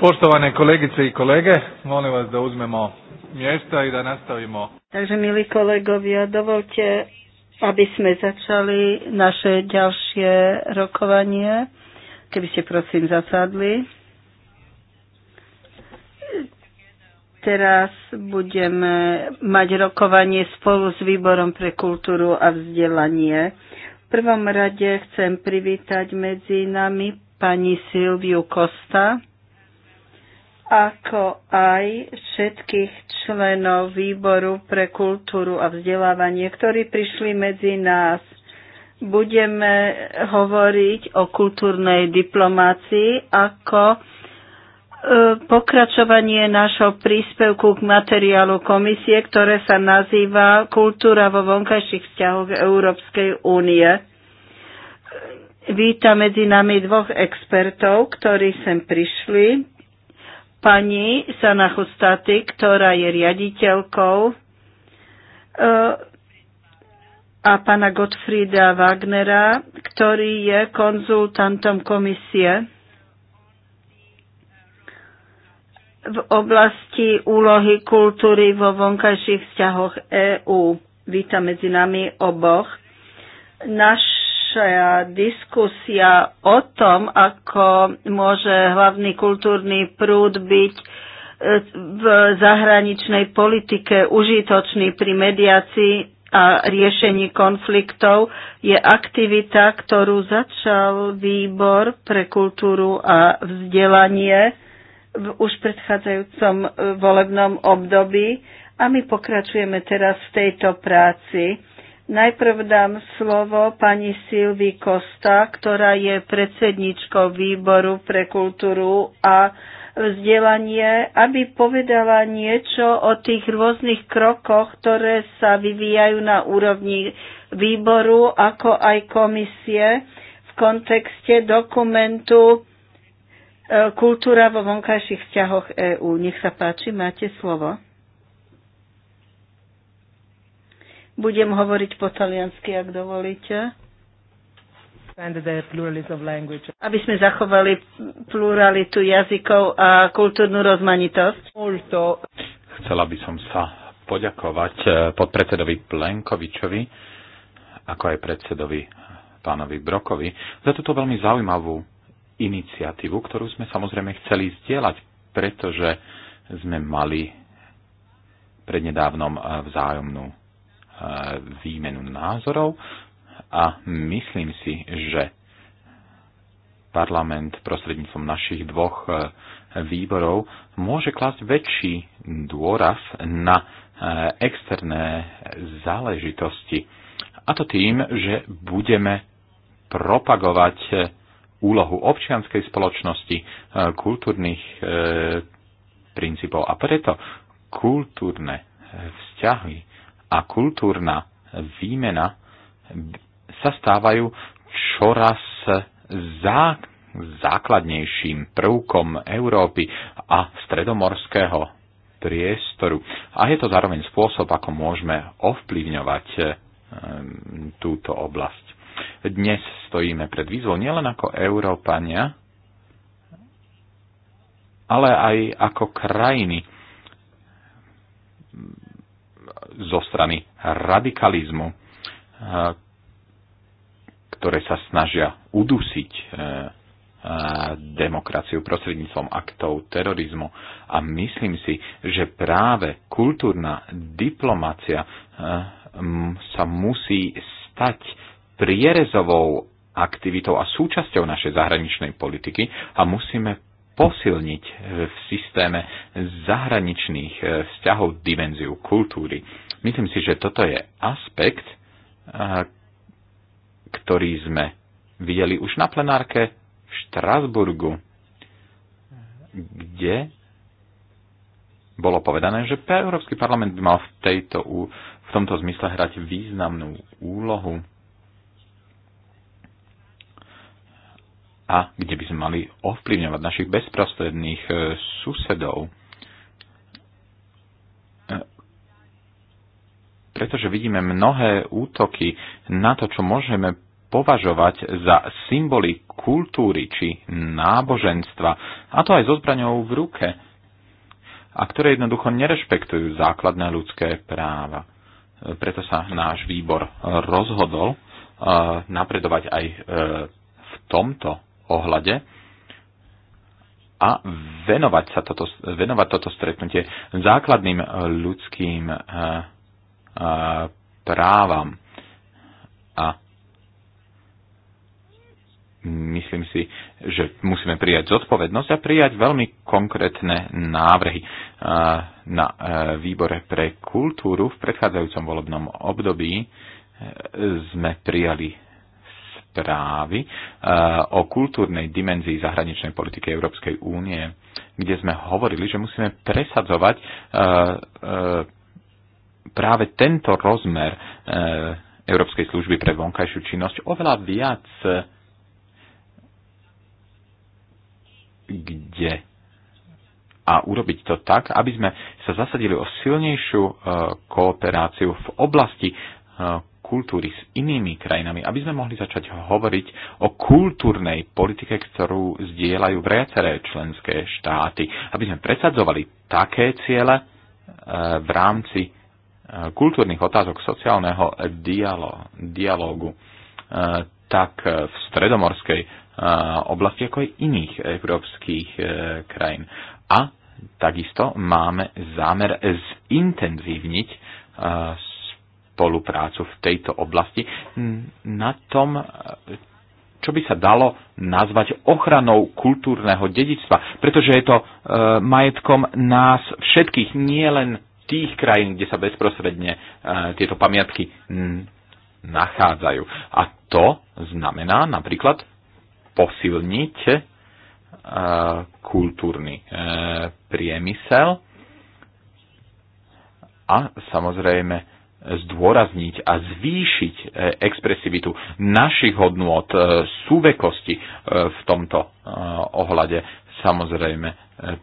Poštovane kolegice i kolege, molim vas da uzmemo mjesta i da nastavimo. Takže, milí kolegovia, dovolte, aby sme začali naše ďalšie rokovanie. Keby ste prosím zasadli. Teraz budeme mať rokovanie spolu s Výborom pre kultúru a vzdelanie. V prvom rade chcem privítať medzi nami pani Silviu Kosta, ako aj všetkých členov výboru pre kultúru a vzdelávanie, ktorí prišli medzi nás. Budeme hovoriť o kultúrnej diplomácii ako e, pokračovanie nášho príspevku k materiálu komisie, ktoré sa nazýva Kultúra vo vonkajších vzťahoch Európskej únie. Vítam medzi nami dvoch expertov, ktorí sem prišli pani Sana Chustaty, ktorá je riaditeľkou e, a pana Gottfrieda Wagnera, ktorý je konzultantom komisie v oblasti úlohy kultúry vo vonkajších vzťahoch EÚ. Vítam medzi nami oboch. Naš, naša diskusia o tom, ako môže hlavný kultúrny prúd byť e, v zahraničnej politike užitočný pri mediácii a riešení konfliktov, je aktivita, ktorú začal Výbor pre kultúru a vzdelanie v už predchádzajúcom e, volebnom období a my pokračujeme teraz v tejto práci. Najprv dám slovo pani Silvi Kosta, ktorá je predsedničkou výboru pre kultúru a vzdelanie, aby povedala niečo o tých rôznych krokoch, ktoré sa vyvíjajú na úrovni výboru, ako aj komisie v kontekste dokumentu e, Kultúra vo vonkajších vzťahoch EÚ. Nech sa páči, máte slovo. Budem hovoriť po taliansky, ak dovolíte. Aby sme zachovali pluralitu jazykov a kultúrnu rozmanitosť. Chcela by som sa poďakovať eh, podpredsedovi Plenkovičovi, ako aj predsedovi eh, pánovi Brokovi, za túto veľmi zaujímavú iniciatívu, ktorú sme samozrejme chceli zdieľať, pretože sme mali prednedávnom eh, vzájomnú výmenu názorov a myslím si, že parlament prostredníctvom našich dvoch e, výborov môže klásť väčší dôraz na e, externé záležitosti. A to tým, že budeme propagovať e, úlohu občianskej spoločnosti, kultúrnych princípov. A preto kultúrne vzťahy a kultúrna výmena sa stávajú čoraz zá, základnejším prvkom Európy a stredomorského priestoru. A je to zároveň spôsob, ako môžeme ovplyvňovať e, túto oblasť. Dnes stojíme pred výzvou nielen ako Európania, ale aj ako krajiny zo strany radikalizmu, eh, ktoré sa snažia udusiť eh, eh, demokraciu prostredníctvom aktov terorizmu. A myslím si, že práve kultúrna diplomácia sa musí stať prierezovou aktivitou a súčasťou našej zahraničnej politiky a musíme posilniť v systéme zahraničných eh, vzťahov dimenziu kultúry. Myslím si, že toto je aspekt, eh, ktorý sme videli už na plenárke v Štrasburgu, kde bolo povedané, že Európsky parlament by mal v, tejto, v tomto zmysle hrať významnú úlohu a kde by sme mali ovplyvňovať našich bezprostredných e, susedov. E, pretože vidíme mnohé útoky na to, čo môžeme považovať za symboly kultúry či náboženstva, a to aj so zbraňou v ruke, a ktoré jednoducho nerešpektujú základné ľudské práva. E, preto sa náš výbor rozhodol napredovať aj v tomto ohľade a venovať, sa toto, venovať toto stretnutie základným ľudským eh, eh, právam. A myslím si, že musíme prijať zodpovednosť a prijať veľmi konkrétne návrhy. Eh, na výbore pre kultúru v predchádzajúcom volebnom období sme prijali správy e, o kultúrnej dimenzii zahraničnej politiky Európskej únie, kde sme hovorili, že musíme presadzovať e, e, práve tento rozmer Európskej služby pre vonkajšiu činnosť oveľa viac, kde a urobiť to tak, aby sme sa zasadili o silnejšiu kooperáciu v oblasti kultúry s inými krajinami, aby sme mohli začať hovoriť o kultúrnej politike, ktorú zdieľajú viaceré členské štáty, aby sme presadzovali také ciele e, v rámci e, kultúrnych otázok sociálneho dialógu e, tak v stredomorskej oblasti, ako aj iných európskych krajín. A takisto máme zámer zintenzívniť spoluprácu v tejto oblasti na tom, e, čo by sa dalo nazvať ochranou kultúrneho dedičstva, pretože je to e, majetkom nás všetkých, nie len tých krajín, kde sa bezprostredne e, tieto pamiatky m, nachádzajú. A to znamená napríklad posilniť e, kultúrny e, priemysel a samozrejme zdôrazniť a zvýšiť e, expresivitu našich hodnôt e, súvekosti e, v tomto ohľade. Samozrejme,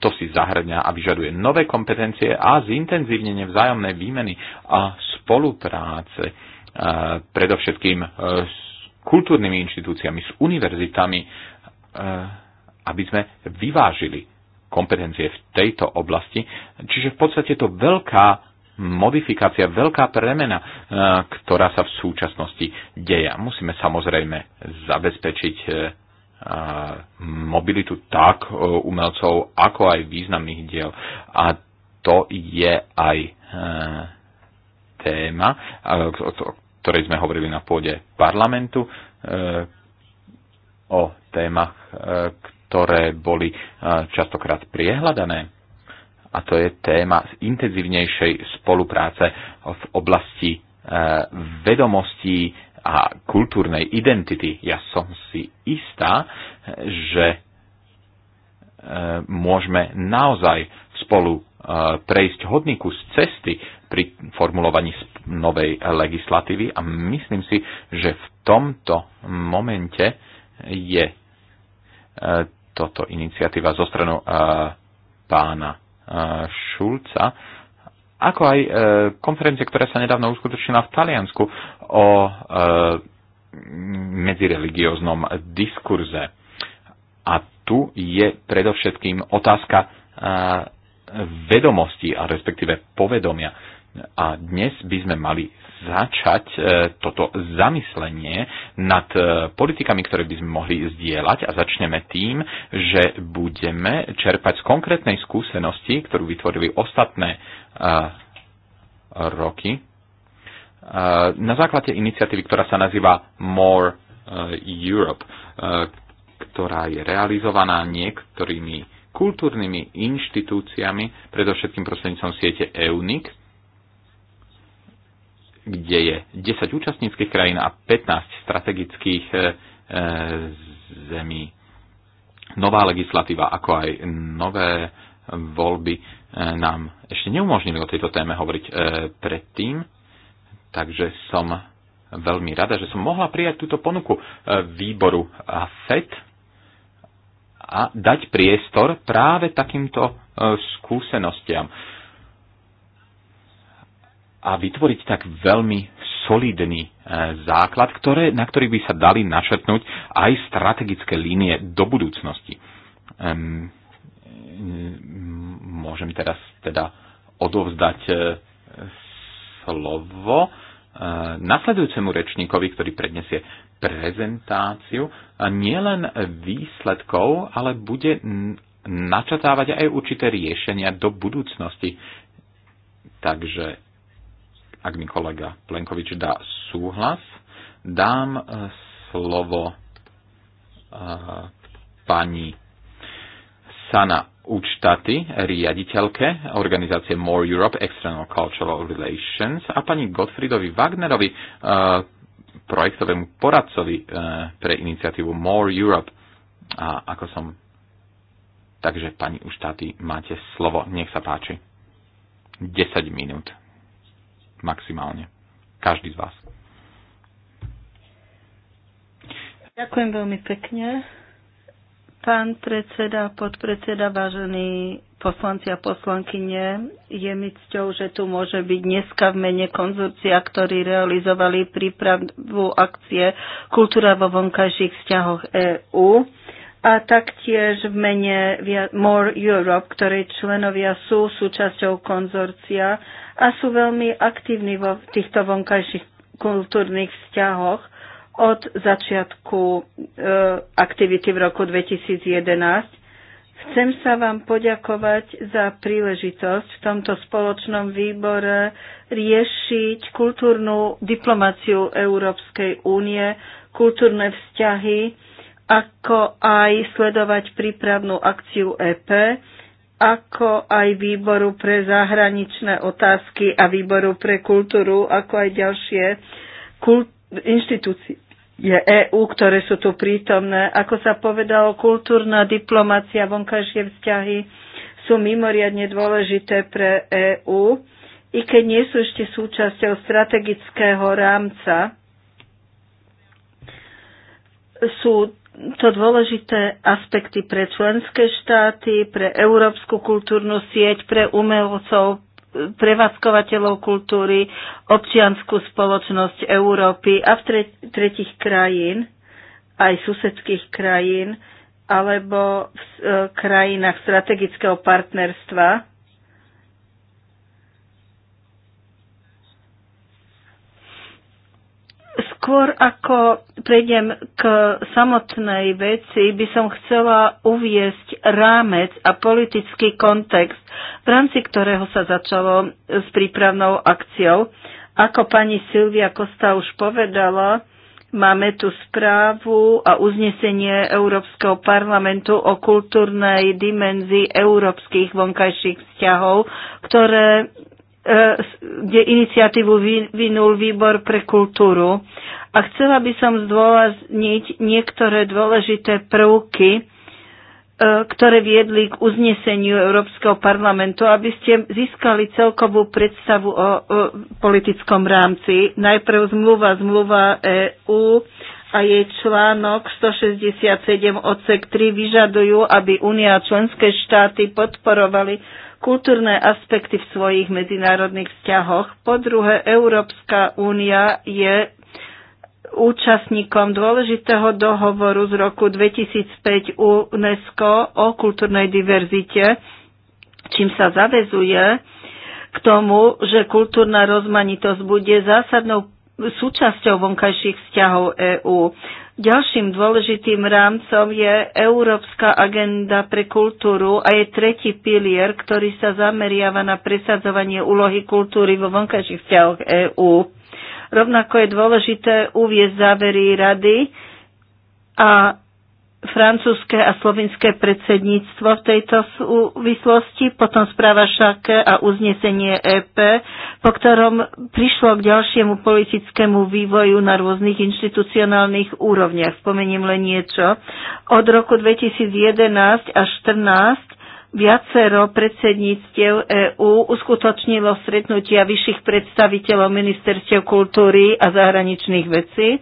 to si zahrňa a vyžaduje nové kompetencie a zintenzívnenie vzájomnej výmeny a spolupráce predovšetkým s kultúrnymi inštitúciami, s univerzitami, aby sme vyvážili kompetencie v tejto oblasti. Čiže v podstate je to veľká modifikácia, veľká premena, e, ktorá sa v súčasnosti deja. Musíme samozrejme zabezpečiť e, mobilitu tak e, umelcov, ako aj významných diel. A to je aj téma, o ktorej sme hovorili na pôde parlamentu, o témach, ktoré boli častokrát priehľadané a to je téma z intenzívnejšej spolupráce v oblasti e, vedomostí a kultúrnej identity. Ja som si istá, že e, môžeme naozaj spolu e, prejsť hodný kus cesty pri formulovaní novej legislatívy a myslím si, že v tomto momente je toto iniciatíva zo stranu pána Šulca, ako aj e, konferencia, ktorá sa nedávno uskutočnila v Taliansku o e, medzireligióznom diskurze. A tu je predovšetkým otázka e, vedomosti, a respektíve povedomia. A dnes by sme mali začať e, toto zamyslenie nad e, politikami, ktoré by sme mohli zdieľať a začneme tým, že budeme čerpať z konkrétnej skúsenosti, ktorú vytvorili ostatné e, roky na základe iniciatívy, ktorá sa nazýva More Europe, ktorá je realizovaná niektorými kultúrnymi inštitúciami, predovšetkým prostredníctvom siete EUNIC, kde je 10 účastníckých krajín a 15 strategických e, e, zemí. Nová legislatíva, ako aj nové voľby e, nám ešte neumožnili o tejto téme hovoriť predtým, takže som veľmi rada, že som mohla prijať túto ponuku výboru a FED a dať priestor práve takýmto skúsenostiam a vytvoriť tak veľmi solidný e, základ, ktoré, na ktorý by sa dali našetnúť aj strategické línie do budúcnosti. Môžem teraz teda odovzdať e, slovo e, nasledujúcemu rečníkovi, ktorý prednesie prezentáciu nielen výsledkov, ale bude načatávať aj určité riešenia do budúcnosti. Takže ak mi kolega Plenkovič dá súhlas, dám eh, slovo eh, pani Sana Učtaty, riaditeľke organizácie More Europe External Cultural Relations a pani Gottfriedovi Wagnerovi, eh, projektovému poradcovi pre iniciatívu More Europe. A ako som... Takže pani Uštáty, máte slovo. Nech sa páči. 10 minút maximálne. Každý z vás. Ďakujem veľmi pekne. Pán predseda, podpredseda, vážení poslanci a poslankyne, je mi cťou, že tu môže byť dneska v mene konzorcia, ktorí realizovali prípravu akcie Kultúra vo vonkajších vzťahoch EÚ a taktiež v mene More Europe, ktorej členovia sú súčasťou konzorcia a sú veľmi aktívni vo týchto vonkajších kultúrnych vzťahoch od začiatku e, aktivity v roku 2011. Chcem sa vám poďakovať za príležitosť v tomto spoločnom výbore riešiť kultúrnu diplomáciu Európskej únie, kultúrne vzťahy, ako aj sledovať prípravnú akciu EP, ako aj výboru pre zahraničné otázky a výboru pre kultúru, ako aj ďalšie kult- inštitúcie EÚ, ktoré sú tu prítomné. Ako sa povedalo, kultúrna diplomácia, vonkajšie vzťahy sú mimoriadne dôležité pre EÚ, i keď nie sú ešte súčasťou strategického rámca sú to dôležité aspekty pre členské štáty, pre európsku kultúrnu sieť, pre umelcov, prevádzkovateľov kultúry, občianskú spoločnosť Európy a v tre- tretich krajín, aj susedských krajín, alebo v e, krajinách strategického partnerstva Skôr ako prejdem k samotnej veci, by som chcela uviesť rámec a politický kontext, v rámci ktorého sa začalo s prípravnou akciou. Ako pani Silvia Kosta už povedala, Máme tu správu a uznesenie Európskeho parlamentu o kultúrnej dimenzii európskych vonkajších vzťahov, ktoré E, kde iniciatívu vynul výbor pre kultúru. A chcela by som zdôrazniť niektoré dôležité prvky, e, ktoré viedli k uzneseniu Európskeho parlamentu, aby ste získali celkovú predstavu o, o politickom rámci. Najprv zmluva, zmluva EÚ a jej článok 167 odsek 3 vyžadujú, aby Únia a členské štáty podporovali kultúrne aspekty v svojich medzinárodných vzťahoch. Po druhé, Európska únia je účastníkom dôležitého dohovoru z roku 2005 UNESCO o kultúrnej diverzite, čím sa zavezuje k tomu, že kultúrna rozmanitosť bude zásadnou súčasťou vonkajších vzťahov EÚ. Ďalším dôležitým rámcom je Európska agenda pre kultúru a je tretí pilier, ktorý sa zameriava na presadzovanie úlohy kultúry vo vonkajších vzťahoch EÚ. Rovnako je dôležité uviezť závery rady a francúzske a slovinské predsedníctvo v tejto súvislosti, potom správa Šake a uznesenie EP, po ktorom prišlo k ďalšiemu politickému vývoju na rôznych inštitucionálnych úrovniach. Spomeniem len niečo. Od roku 2011 až 2014 Viacero predsedníctiev EÚ uskutočnilo stretnutia vyšších predstaviteľov ministerstiev kultúry a zahraničných vecí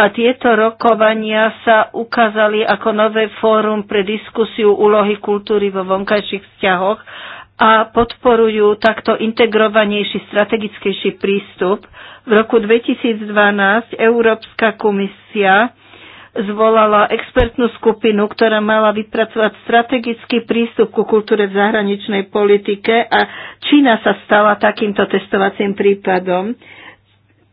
a tieto rokovania sa ukázali ako nové fórum pre diskusiu úlohy kultúry vo vonkajších vzťahoch a podporujú takto integrovanejší, strategickejší prístup. V roku 2012 Európska komisia zvolala expertnú skupinu, ktorá mala vypracovať strategický prístup ku kultúre v zahraničnej politike a Čína sa stala takýmto testovacím prípadom.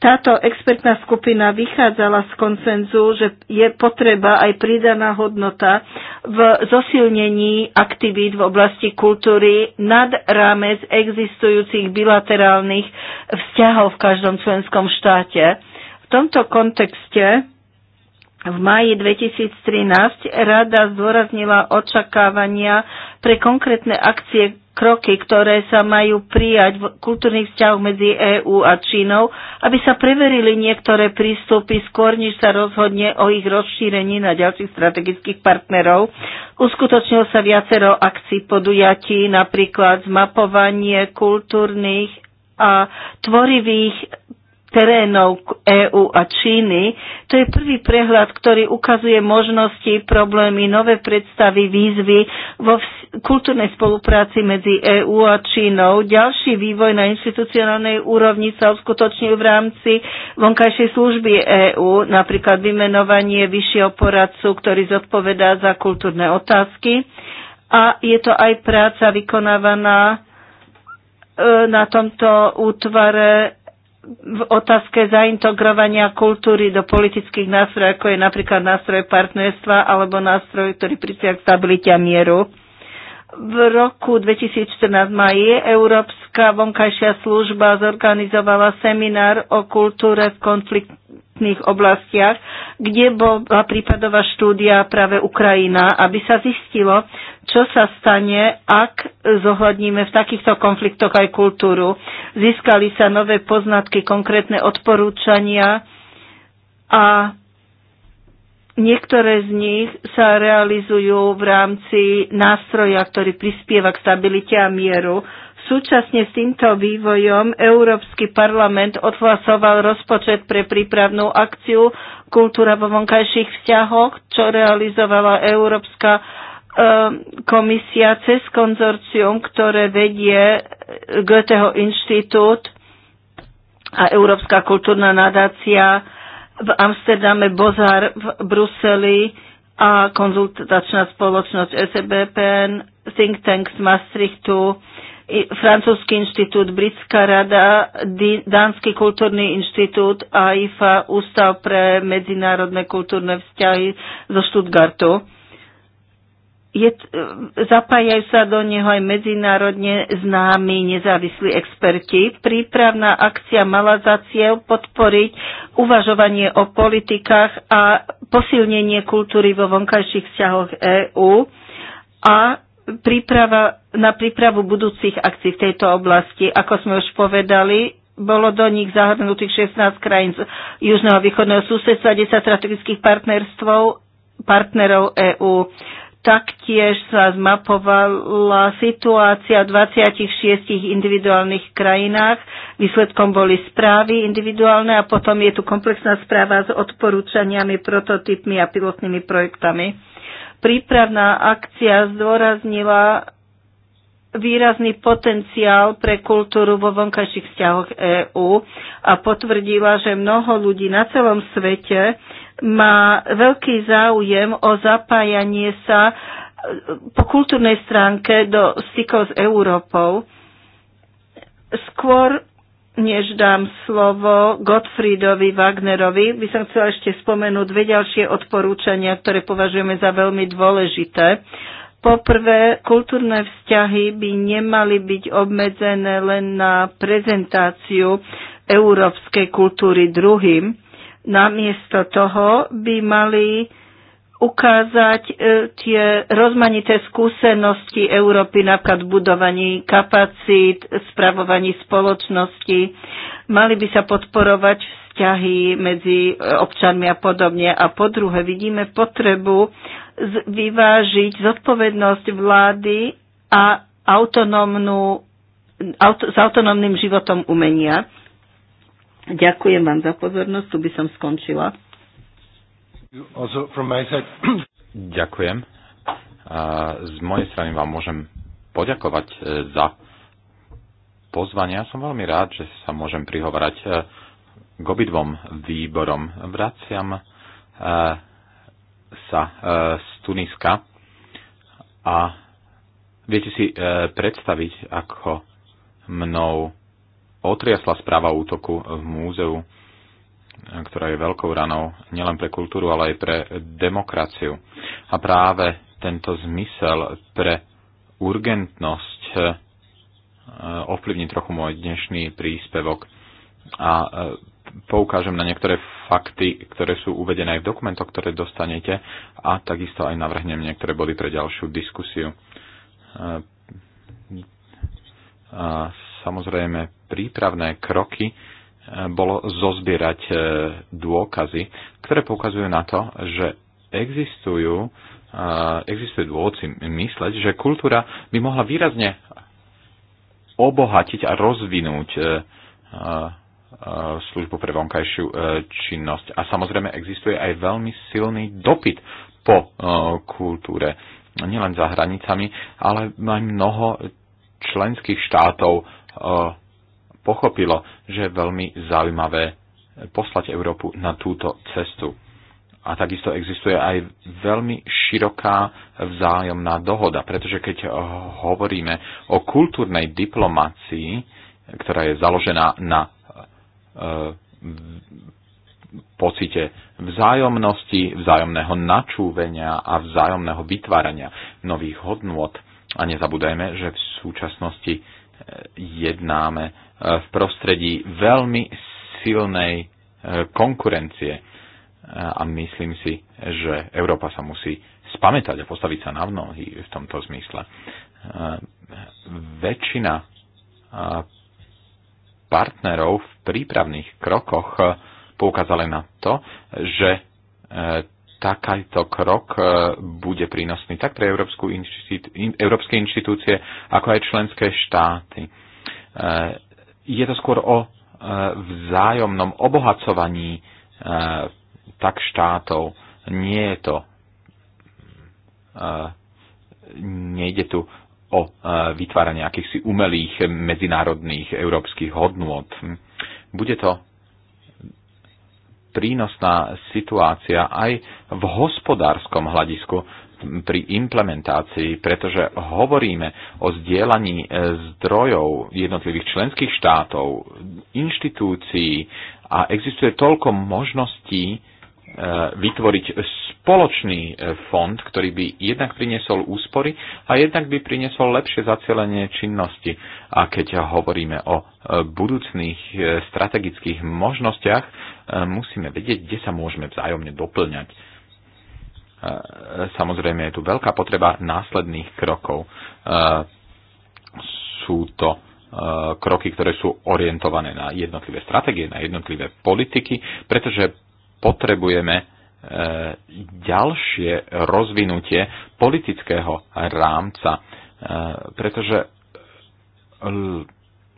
Táto expertná skupina vychádzala z koncenzu, že je potreba aj pridaná hodnota v zosilnení aktivít v oblasti kultúry nad rámec existujúcich bilaterálnych vzťahov v každom členskom štáte. V tomto kontexte v máji 2013 rada zdôraznila očakávania pre konkrétne akcie kroky, ktoré sa majú prijať v kultúrnych vzťahoch medzi EÚ a Čínou, aby sa preverili niektoré prístupy skôr, než sa rozhodne o ich rozšírení na ďalších strategických partnerov. Uskutočnilo sa viacero akcií podujatí, napríklad zmapovanie kultúrnych a tvorivých terénov EÚ a Číny. To je prvý prehľad, ktorý ukazuje možnosti, problémy, nové predstavy, výzvy vo kultúrnej spolupráci medzi EÚ a Čínou. Ďalší vývoj na institucionálnej úrovni sa uskutočnil v rámci vonkajšej služby EÚ, napríklad vymenovanie vyššieho poradcu, ktorý zodpovedá za kultúrne otázky. A je to aj práca vykonávaná e, na tomto útvare v otázke zaintegrovania kultúry do politických nástrojov, ako je napríklad nástroj partnerstva alebo nástroj, ktorý prispieva k stabilite a mieru. V roku 2014 maji Európska vonkajšia služba zorganizovala seminár o kultúre v konflikt, konfliktných oblastiach, kde bola prípadová štúdia práve Ukrajina, aby sa zistilo, čo sa stane, ak zohľadníme v takýchto konfliktoch aj kultúru. Získali sa nové poznatky, konkrétne odporúčania a Niektoré z nich sa realizujú v rámci nástroja, ktorý prispieva k stabilite a mieru. Súčasne s týmto vývojom Európsky parlament odhlasoval rozpočet pre prípravnú akciu Kultúra vo vonkajších vzťahoch, čo realizovala Európska e, komisia cez konzorcium, ktoré vedie e, Goetheho inštitút a Európska kultúrna nadácia v Amsterdame, Bozar v Bruseli a konzultačná spoločnosť SBPN, Think tanks Maastrichtu. Uh, Francúzsky inštitút, Britská rada, Dánsky kultúrny inštitút a IFA, Ústav pre medzinárodné kultúrne vzťahy zo Stuttgartu. Je, zapájajú sa do neho aj medzinárodne známi nezávislí experti. Prípravná akcia mala za cieľ podporiť uvažovanie o politikách a posilnenie kultúry vo vonkajších vzťahoch EÚ a príprava, na prípravu budúcich akcií v tejto oblasti. Ako sme už povedali, bolo do nich zahrnutých 16 krajín z južného a východného susedstva, 10 strategických partnerstvov, partnerov EÚ. Taktiež sa zmapovala situácia v 26 individuálnych krajinách. Výsledkom boli správy individuálne a potom je tu komplexná správa s odporúčaniami, prototypmi a pilotnými projektami prípravná akcia zdôraznila výrazný potenciál pre kultúru vo vonkajších vzťahoch EÚ a potvrdila, že mnoho ľudí na celom svete má veľký záujem o zapájanie sa e, po kultúrnej stránke do stykov s Európou. Skôr než dám slovo Gottfriedovi Wagnerovi, by som chcela ešte spomenúť dve ďalšie odporúčania, ktoré považujeme za veľmi dôležité. Poprvé, kultúrne vzťahy by nemali byť obmedzené len na prezentáciu európskej kultúry druhým. Namiesto toho by mali ukázať e, tie rozmanité skúsenosti Európy napríklad budovaní kapacít, spravovaní spoločnosti. Mali by sa podporovať vzťahy medzi e, občanmi a podobne. A po druhé, vidíme potrebu vyvážiť zodpovednosť vlády a autonómnu, auto, s autonómnym životom umenia. Ďakujem vám za pozornosť, tu by som skončila. Ďakujem. Z mojej strany vám môžem poďakovať e, za pozvanie. Ja som veľmi rád, že sa môžem prihovorať e, k obidvom výborom. Vraciam e, sa z Tuniska a viete si predstaviť, ako mnou otriasla správa útoku v múzeu ktorá je veľkou ranou nielen pre kultúru, ale aj pre demokraciu. A práve tento zmysel pre urgentnosť e, ovplyvní trochu môj dnešný príspevok a e, poukážem na niektoré fakty, ktoré sú uvedené aj v dokumentoch, ktoré dostanete a takisto aj navrhnem niektoré body pre ďalšiu diskusiu. E, samozrejme, prípravné kroky bolo zozbierať e, dôkazy, ktoré poukazujú na to, že existujú, e, existuje dôvodci mysleť, že kultúra by mohla výrazne obohatiť a rozvinúť e, službu pre vonkajšiu činnosť. A samozrejme existuje aj veľmi silný dopyt po kultúre. Nielen za hranicami, ale aj mnoho členských štátov pochopilo, že je veľmi zaujímavé poslať Európu na túto cestu. A takisto existuje aj veľmi široká vzájomná dohoda, pretože keď hovoríme o kultúrnej diplomácii, ktorá je založená na e, pocite vzájomnosti, vzájomného načúvenia a vzájomného vytvárania nových hodnôt. A nezabúdajme, že v súčasnosti jednáme eh, v prostredí veľmi silnej eh, konkurencie eh, a myslím si, že Európa sa musí spamätať a postaviť sa na mnohy v tomto zmysle. Väčšina partnerov v prípravných krokoch poukázala na to, že takýto krok e, bude prínosný tak pre Európsku inštitú, európske inštitúcie, ako aj členské štáty. E, je to skôr o e, vzájomnom obohacovaní tak štátov. Nie je to nejde tu o vytváranie akýchsi umelých medzinárodných európskych hodnôt. Hm. Bude to prínosná situácia aj v hospodárskom hľadisku pri implementácii, pretože hovoríme o zdieľaní e, zdrojov jednotlivých členských štátov, inštitúcií a existuje toľko možností e, vytvoriť spoločný e, fond, ktorý by jednak priniesol úspory a jednak by priniesol lepšie zacielenie činnosti. A keď hovoríme o e, budúcných e, strategických možnostiach, musíme vedieť, kde sa môžeme vzájomne doplňať. Samozrejme je tu veľká potreba následných krokov. Sú to kroky, ktoré sú orientované na jednotlivé stratégie, na jednotlivé politiky, pretože potrebujeme E, ďalšie rozvinutie politického rámca, e, pretože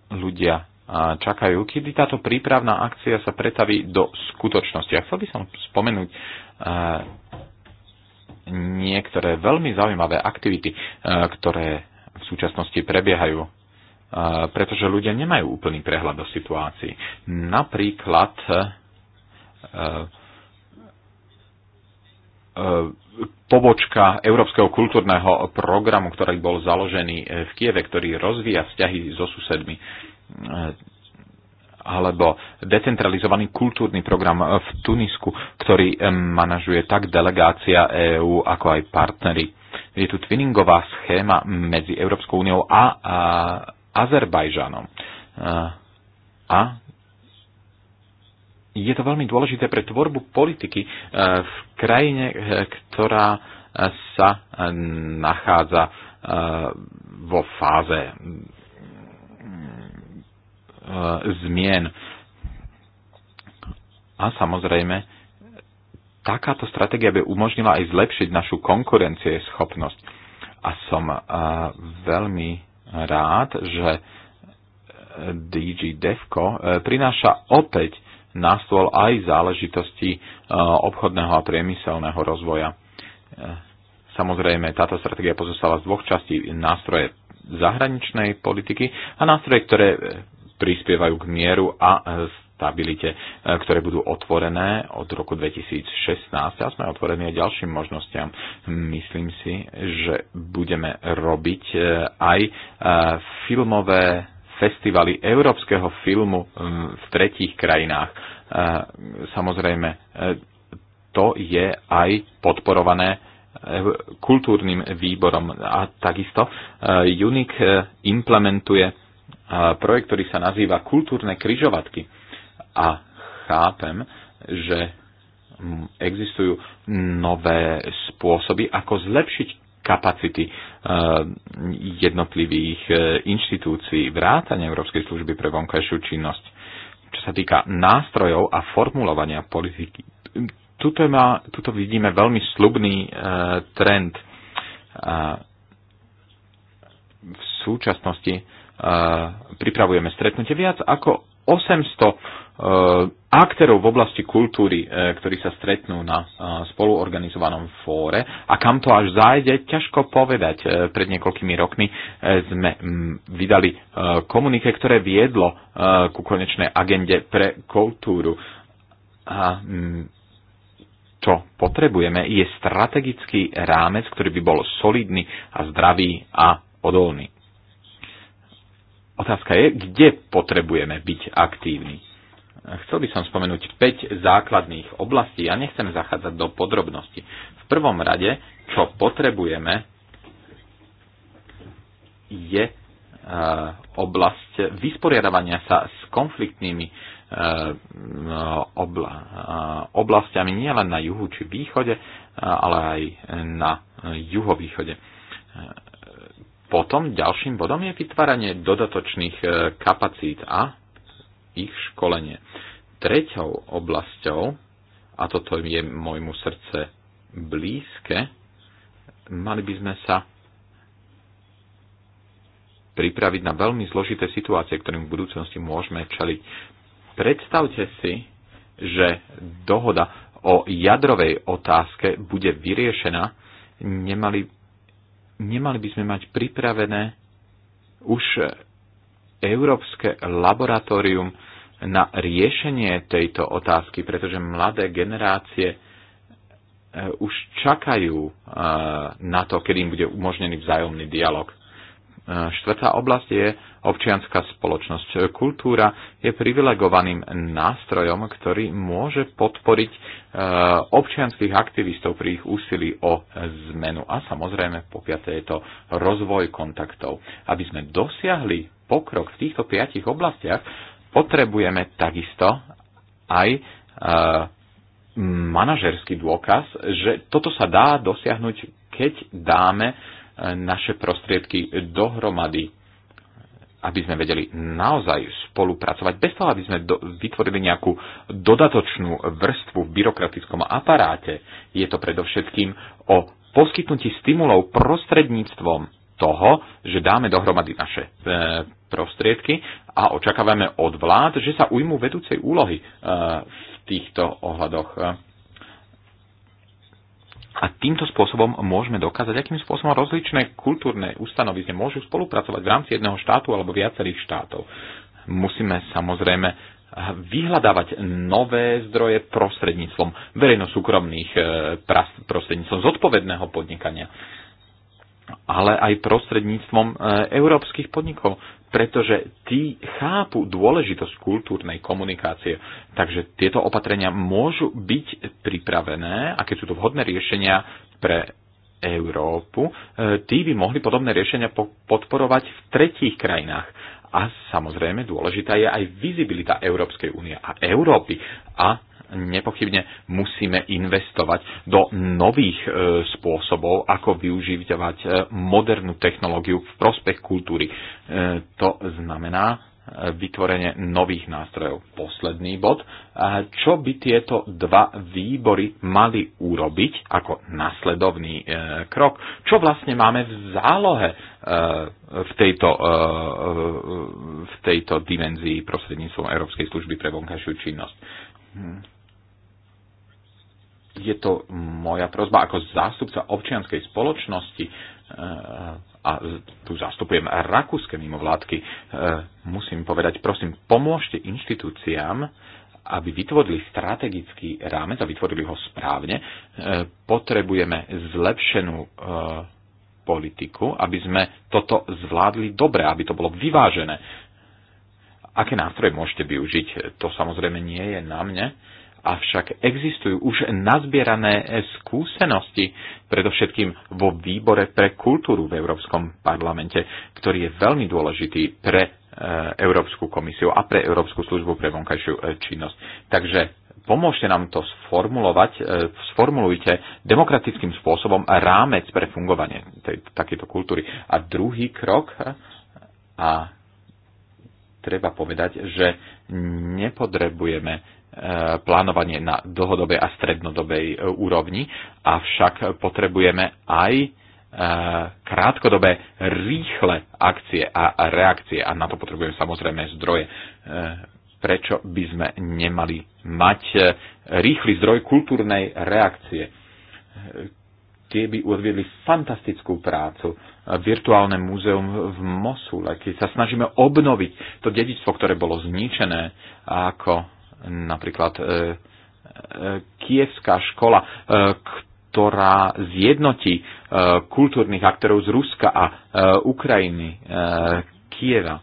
ľudia čakajú, kedy táto prípravná akcia sa pretaví do skutočnosti. A chcel by som spomenúť e, niektoré veľmi zaujímavé aktivity, ktoré v súčasnosti prebiehajú, pretože ľudia nemajú úplný prehľad o situácii. Napríklad E, pobočka Európskeho kultúrneho programu, ktorý bol založený e, v Kieve, ktorý rozvíja vzťahy so susedmi e, alebo decentralizovaný kultúrny program v Tunisku, ktorý manažuje tak delegácia EÚ, ako aj partnery. Je tu twinningová schéma medzi Európskou úniou a, a Azerbajžanom. A, a je to veľmi dôležité pre tvorbu politiky eh, v krajine, eh, ktorá eh, sa nachádza vo fáze zmien. A samozrejme, takáto stratégia by umožnila aj zlepšiť našu konkurencieschopnosť. A som veľmi rád, že DG DEFCO prináša opäť na stôl aj záležitosti e, obchodného a priemyselného rozvoja. E, samozrejme, táto stratégia pozostala z dvoch častí nástroje zahraničnej politiky a nástroje, ktoré e, prispievajú k mieru a stabilite, ktoré budú otvorené od roku 2016 a sme otvorení aj ďalším možnostiam. Myslím si, že budeme robiť aj filmové festivaly európskeho filmu eh, v tretích krajinách. Eh, samozrejme, eh, to je aj podporované kultúrnym výborom. A takisto UNIC implementuje projekt, ktorý sa nazýva Kultúrne kryžovatky. A chápem, že existujú nové spôsoby, ako zlepšiť kapacity eh, jednotlivých eh, inštitúcií vrátane Európskej služby pre vonkajšiu činnosť. Čo sa týka nástrojov a formulovania politiky, tuto, má, tuto vidíme veľmi slubný eh, trend. V súčasnosti pripravujeme stretnutie viac ako 800 Eh, aktérov v oblasti kultúry, eh, ktorí sa stretnú na eh, spoluorganizovanom fóre a kam to až zájde, ťažko povedať. Pred niekoľkými rokmi sme mm, vydali komunike, ktoré viedlo ku konečnej agende pre kultúru. A mm, čo potrebujeme, je strategický rámec, ktorý by bol solidný a zdravý a odolný. Otázka je, kde potrebujeme byť aktívni Chcel by som spomenúť 5 základných oblastí. Ja nechcem zachádzať do podrobností. V prvom rade, čo potrebujeme, je e, oblasť vysporiadavania sa s konfliktnými e, e, oblastiami nielen na juhu či východe, ale aj na juhovýchode. Potom ďalším bodom je vytváranie dodatočných kapacít a ich školenie. Treťou oblasťou, a toto je môjmu srdce blízke, mali by sme sa pripraviť na veľmi zložité situácie, ktorým v budúcnosti môžeme čeliť. Predstavte si, že dohoda o jadrovej otázke bude vyriešená, nemali, nemali by sme mať pripravené už európske laboratórium na riešenie tejto otázky, pretože mladé generácie e, už čakajú e, na to, kedy im bude umožnený vzájomný dialog. E, štvrtá oblasť je občianská spoločnosť. Kultúra je privilegovaným nástrojom, ktorý môže podporiť občianských aktivistov pri ich úsilí o zmenu. A samozrejme, po piaté je to rozvoj kontaktov. Aby sme dosiahli pokrok v týchto piatich oblastiach, potrebujeme takisto aj e, manažerský dôkaz, že toto sa dá dosiahnuť, keď dáme e, naše prostriedky dohromady, aby sme vedeli naozaj spolupracovať, bez toho, aby sme do, vytvorili nejakú dodatočnú vrstvu v byrokratickom aparáte. Je to predovšetkým o poskytnutí stimulov prostredníctvom toho, že dáme dohromady naše e, prostriedky a očakávame od vlád, že sa ujmú vedúcej úlohy e, v týchto ohľadoch. E, a týmto spôsobom môžeme dokázať, akým spôsobom rozličné kultúrne ustanovizne môžu spolupracovať v rámci jedného štátu alebo viacerých štátov. Musíme samozrejme vyhľadávať nové zdroje prostredníctvom verejno-súkromných prostredníctvom zodpovedného podnikania ale aj prostredníctvom e, európskych podnikov, pretože tí chápu dôležitosť kultúrnej komunikácie. Takže tieto opatrenia môžu byť pripravené a keď sú to vhodné riešenia pre Európu, e, tí by mohli podobné riešenia podporovať v tretích krajinách. A samozrejme dôležitá je aj vizibilita Európskej únie a Európy a nepochybne musíme investovať do nových e, spôsobov, ako využívať e, modernú technológiu v prospech kultúry. E, to znamená vytvorenie nových nástrojov. Posledný bod. Čo by tieto dva výbory mali urobiť ako nasledovný krok? Čo vlastne máme v zálohe v tejto, v tejto dimenzii prostredníctvom Európskej služby pre vonkajšiu činnosť? Hm je to moja prozba ako zástupca občianskej spoločnosti eh, a tu zastupujem rakúske mimovládky, eh, musím povedať, prosím, pomôžte inštitúciám, aby vytvorili strategický rámec a vytvorili ho správne. Eh, potrebujeme zlepšenú politiku, aby sme toto zvládli dobre, aby to bolo vyvážené. Aké nástroje môžete využiť, to samozrejme nie je na mne avšak existujú už nazbierané skúsenosti, predovšetkým vo výbore pre kultúru v Európskom parlamente, ktorý je veľmi dôležitý pre e, Európsku komisiu a pre Európsku službu pre vonkajšiu e, činnosť. Takže pomôžte nám to sformulovať, e, sformulujte demokratickým spôsobom rámec pre fungovanie tej, takéto kultúry. A druhý krok, a treba povedať, že nepotrebujeme plánovanie na dlhodobej a strednodobej e, úrovni, avšak potrebujeme aj e, krátkodobé, rýchle akcie a reakcie a na to potrebujeme samozrejme zdroje. E, prečo by sme nemali mať rýchly zdroj kultúrnej reakcie? Tie by odviedli fantastickú prácu. Virtuálne múzeum v Mosule, keď sa snažíme obnoviť to dedičstvo, ktoré bolo zničené, ako Napríklad e, e, kievská škola, e, ktorá zjednotí kultúrnych aktérov z Ruska a Ukrajiny, Kieva.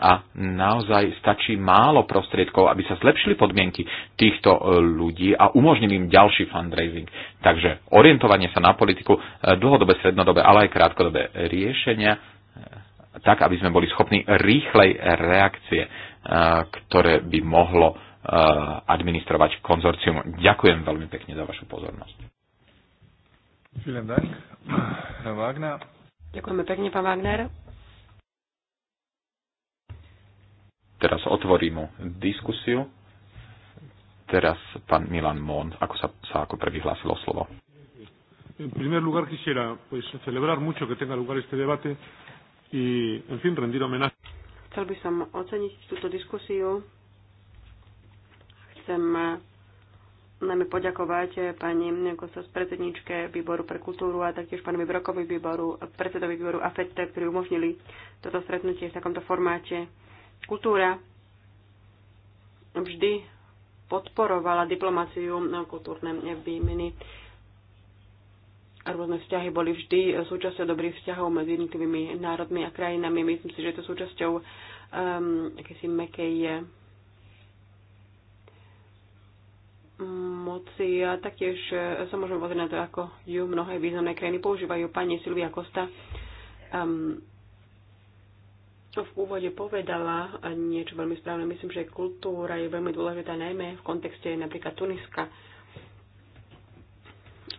A naozaj stačí málo prostriedkov, aby sa zlepšili podmienky týchto ľudí a umožnil im ďalší fundraising. Takže orientovanie sa na politiku, dlhodobé, srednodobé, ale aj krátkodobé riešenia, tak aby sme boli schopní rýchlej reakcie, ktoré by mohlo Eh, administrovať konzorcium. Ďakujem veľmi pekne za vašu pozornosť. Ďakujeme pekne, pán Wagner. Teraz otvorím diskusiu. Teraz pán Milan Mond, ako sa, sa ako prvý hlásil o slovo. En primer lugar quisiera pues celebrar mucho que tenga lugar este debate y en fin rendir homenaje. Chcel by som oceniť túto diskusiu chcem eh, najmä poďakovať eh, pani Kostas predsedničke výboru pre kultúru a taktiež pánovi Brokovi výboru, predsedovi výboru AFET, ktorí umožnili toto stretnutie v takomto formáte. Kultúra vždy podporovala diplomáciu no, kultúrne výmeny. Rôzne vzťahy boli vždy súčasťou dobrých vzťahov medzi jednotlivými národmi a krajinami. Myslím si, že je to súčasťou um, ehm, akési mekej eh, pomoci a taktiež e, sa môžeme pozrieť na to, ako ju mnohé významné krajiny používajú. Pani Silvia Kosta um, ehm, v úvode povedala niečo veľmi správne. Myslím, že kultúra je veľmi dôležitá najmä v kontexte napríklad Tuniska.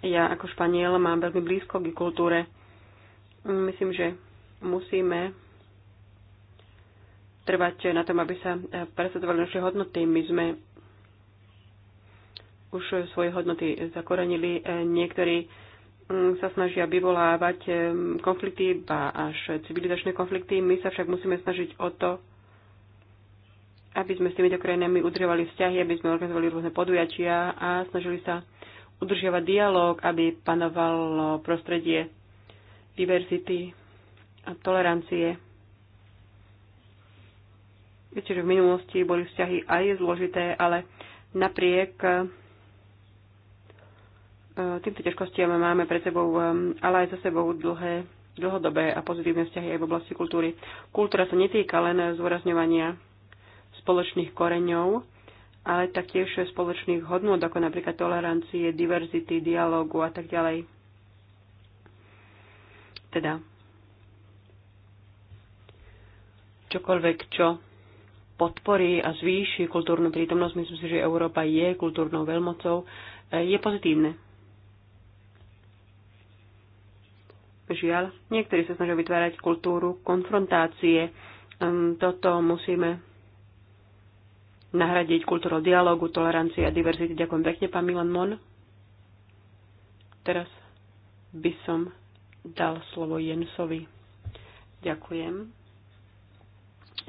Ja ako Španiel mám veľmi blízko k kultúre. Myslím, že musíme trvať na tom, aby sa presadovali naše hodnoty. My sme už svoje hodnoty zakorenili. E, niektorí mm, sa snažia vyvolávať e, konflikty, ba až civilizačné konflikty. My sa však musíme snažiť o to, aby sme s týmito krajinami udržiavali vzťahy, aby sme organizovali rôzne podujatia a snažili sa udržiavať dialog, aby panovalo prostredie diverzity a tolerancie. Viete, že v minulosti boli vzťahy aj zložité, ale napriek týmto ťažkostiam máme pred sebou, um, ale aj za sebou dlhé, dlhodobé a pozitívne vzťahy aj v oblasti kultúry. Kultúra sa netýka len zúrazňovania spoločných koreňov, ale taktiež spoločných hodnôt, ako napríklad tolerancie, diverzity, dialogu a tak ďalej. Teda čokoľvek, čo podporí a zvýši kultúrnu prítomnosť, myslím si, že Európa je kultúrnou veľmocou, je pozitívne. Žiaľ, niektorí sa snažia vytvárať kultúru konfrontácie. Ehm, toto musíme nahradiť kultúrou dialogu, tolerancie a diverzity. Ďakujem pekne, pán Milan Mon. Teraz by som dal slovo Jensovi. Ďakujem.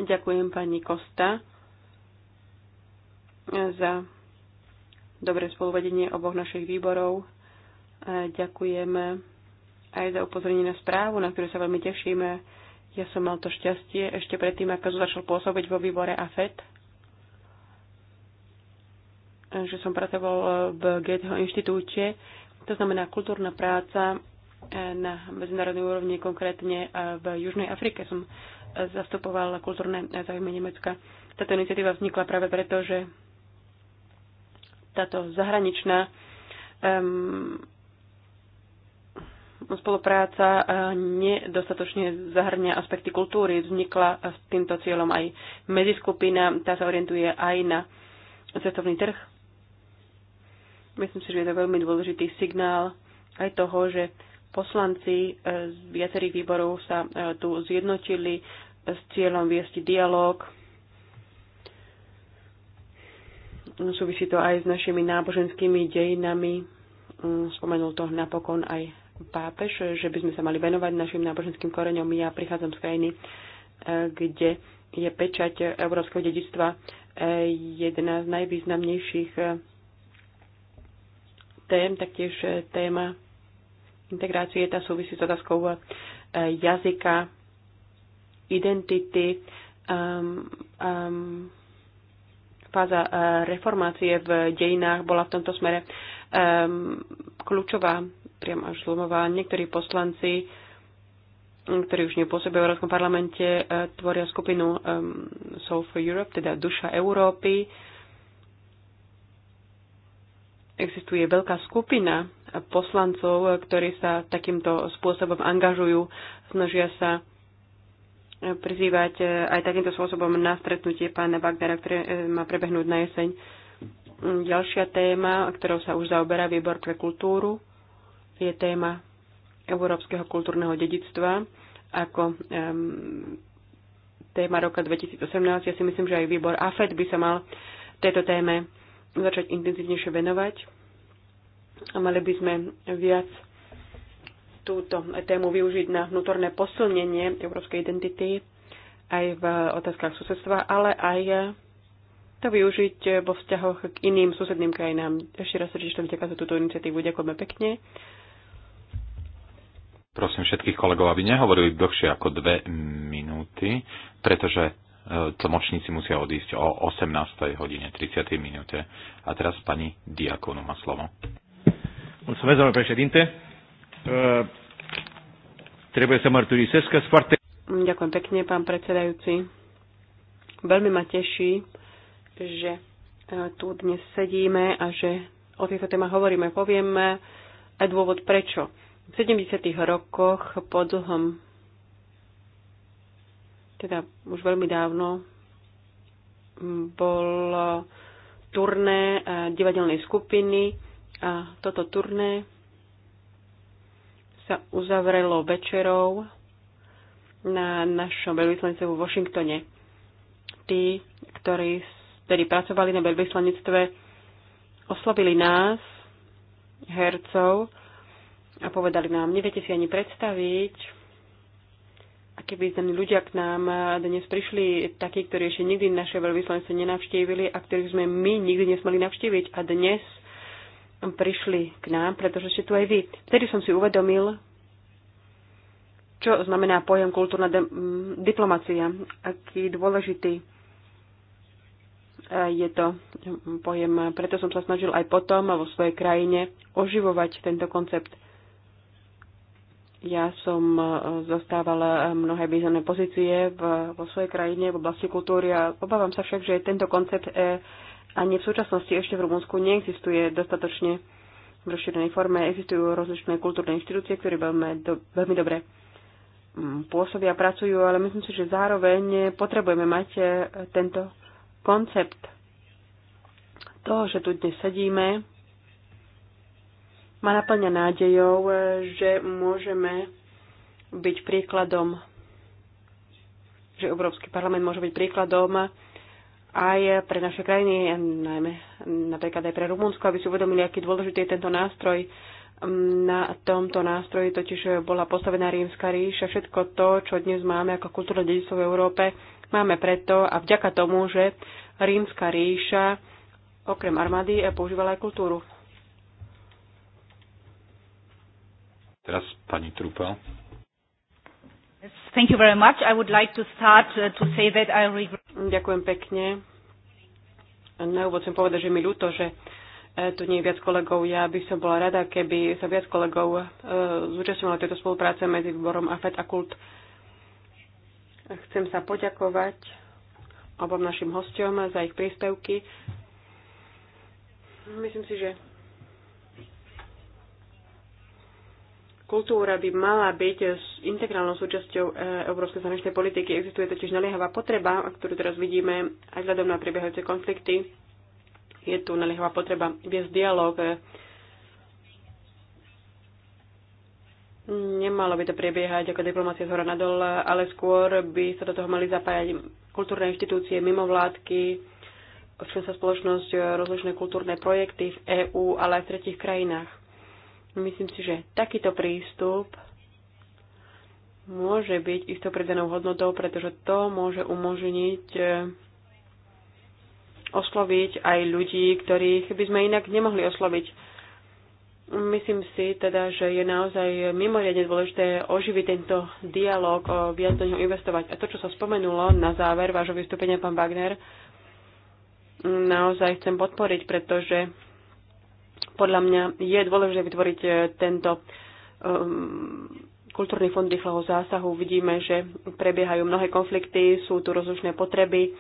Ďakujem pani Kosta za dobré spoluvedenie oboch našich výborov. Ďakujeme aj za upozornenie na správu, na ktorú sa veľmi tešíme. Ja som mal to šťastie ešte predtým, ako som začal pôsobiť vo výbore AFET, že som pracoval v Goetheho inštitúte. To znamená kultúrna práca e, na medzinárodnej úrovni, konkrétne e, v Južnej Afrike som zastupoval kultúrne záujmy Nemecka. Táto iniciatíva vznikla práve preto, že táto zahraničná um, spolupráca eh, nedostatočne zahrňa aspekty kultúry. Vznikla eh, s týmto cieľom aj medziskupina, tá sa orientuje aj na cestovný trh. Myslím si, že je to veľmi dôležitý signál aj toho, že poslanci eh, z viacerých výborov sa tu zjednotili s cieľom viesť dialog. No, súvisí to aj s našimi náboženskými dejinami. Mm, spomenul to napokon aj pápež, že by sme sa mali venovať našim náboženským koreňom. Ja prichádzam z krajiny, eh, kde je pečať európskeho dedictva eh, jedna z najvýznamnejších eh, tém, taktiež téma integrácie, tá súvisí s otázkou jazyka, identity, um, um, fáza reformácie v dejinách bola v tomto smere um, kľúčová priam až zlomová. Niektorí poslanci, ktorí už nepôsobia v Európskom parlamente, e, tvoria skupinu e, Soul for Europe, teda Duša Európy. Existuje veľká skupina poslancov, e, ktorí sa takýmto spôsobom angažujú, snažia sa prizývať aj takýmto spôsobom na stretnutie pána Wagnera, ktoré má prebehnúť na jeseň. Ďalšia téma, ktorou sa už zaoberá výbor pre kultúru, je téma európskeho kultúrneho dedictva ako um, téma roka 2018. Ja si myslím, že aj výbor AFED by sa mal tejto téme začať intenzívnejšie venovať a mali by sme viac túto tému využiť na vnútorné posilnenie európskej identity aj v otázkach susedstva, ale aj to využiť vo vzťahoch k iným susedným krajinám. Ešte raz srdečne vďaka za túto iniciatívu. Ďakujeme pekne. Prosím všetkých kolegov, aby nehovorili dlhšie ako dve minúty, pretože e, tlmočníci musia odísť o 18. hodine 30. minúte. A teraz pani Diakonu má slovo. E, Ďakujem pekne, pán predsedajúci. Veľmi ma teší, že e, tu dnes sedíme a že o týchto témach hovoríme. Poviem aj dôvod prečo v 70. rokoch po dlhom, teda už veľmi dávno, bol turné eh, divadelnej skupiny a toto turné sa uzavrelo večerou na našom veľvyslanectve v Washingtone. Tí, ktorí, ktorí pracovali na veľvyslanectve, oslovili nás, hercov, a povedali nám, neviete si ani predstaviť, keby sme ľudia k nám dnes prišli, takí, ktorí ešte nikdy naše veľvyslanstvo nenavštívili a ktorých sme my nikdy nesmeli navštíviť a dnes prišli k nám, pretože ste tu aj vy. Vtedy som si uvedomil, čo znamená pojem kultúrna diplomacia, aký dôležitý e, je to pojem. Preto som sa snažil aj potom vo svojej krajine oživovať tento koncept. Ja som eh, zostávala mnohé významné pozície v, vo svojej krajine v oblasti kultúry a obávam sa však, že tento koncept eh, ani v súčasnosti ešte v Rumunsku neexistuje dostatočne v rozšírenej forme. Existujú rozličné kultúrne inštitúcie, ktoré veľmi, do, veľmi dobre mm, pôsobia, pracujú, ale myslím si, že zároveň potrebujeme mať eh, tento koncept. toho, že tu dnes sedíme, ma naplňa nádejou, e, že môžeme byť príkladom, že Európsky parlament môže byť príkladom aj pre naše krajiny, najmä napríklad aj pre Rumunsko, aby si uvedomili, aký dôležitý je tento nástroj. Mm, na tomto nástroji totiž bola postavená rímska ríša. Všetko to, čo dnes máme ako kultúrne dedičstvo v Európe, máme preto a vďaka tomu, že rímska ríša okrem armády používala aj kultúru. Teraz pani Trupa. thank you very much. I would like to start uh, to say that I regret... Ďakujem pekne. Na úvod som povedať, že mi ľúto, že e, tu nie je viac kolegov. Ja by som bola rada, keby sa viac kolegov e, zúčastňovalo tejto spolupráce medzi výborom AFED a KULT. Chcem sa poďakovať obom našim hostom za ich príspevky. Myslím si, že Kultúra by mala byť integrálnou súčasťou e, európskej zahraničnej politiky. Existuje totiž naliehavá potreba, ktorú teraz vidíme aj vzhľadom na prebiehajúce konflikty. Je tu naliehavá potreba viesť dialog. Nemalo by to prebiehať ako diplomácia z hora nadol, ale skôr by sa do toho mali zapájať kultúrne inštitúcie, mimovládky, občianská spoločnosť, rozličné kultúrne projekty v EÚ, ale aj v tretich krajinách. Myslím si, že takýto prístup môže byť isto predanou hodnotou, pretože to môže umožniť e, osloviť aj ľudí, ktorých by sme inak nemohli osloviť. Myslím si teda, že je naozaj mimoriadne dôležité oživiť tento dialog, viac do neho investovať. A to, čo sa spomenulo na záver vášho vystúpenia, pán Wagner, naozaj chcem podporiť, pretože podľa mňa je dôležité vytvoriť e, tento um, kultúrny fond rýchleho zásahu. Vidíme, že prebiehajú mnohé konflikty, sú tu rozlišné potreby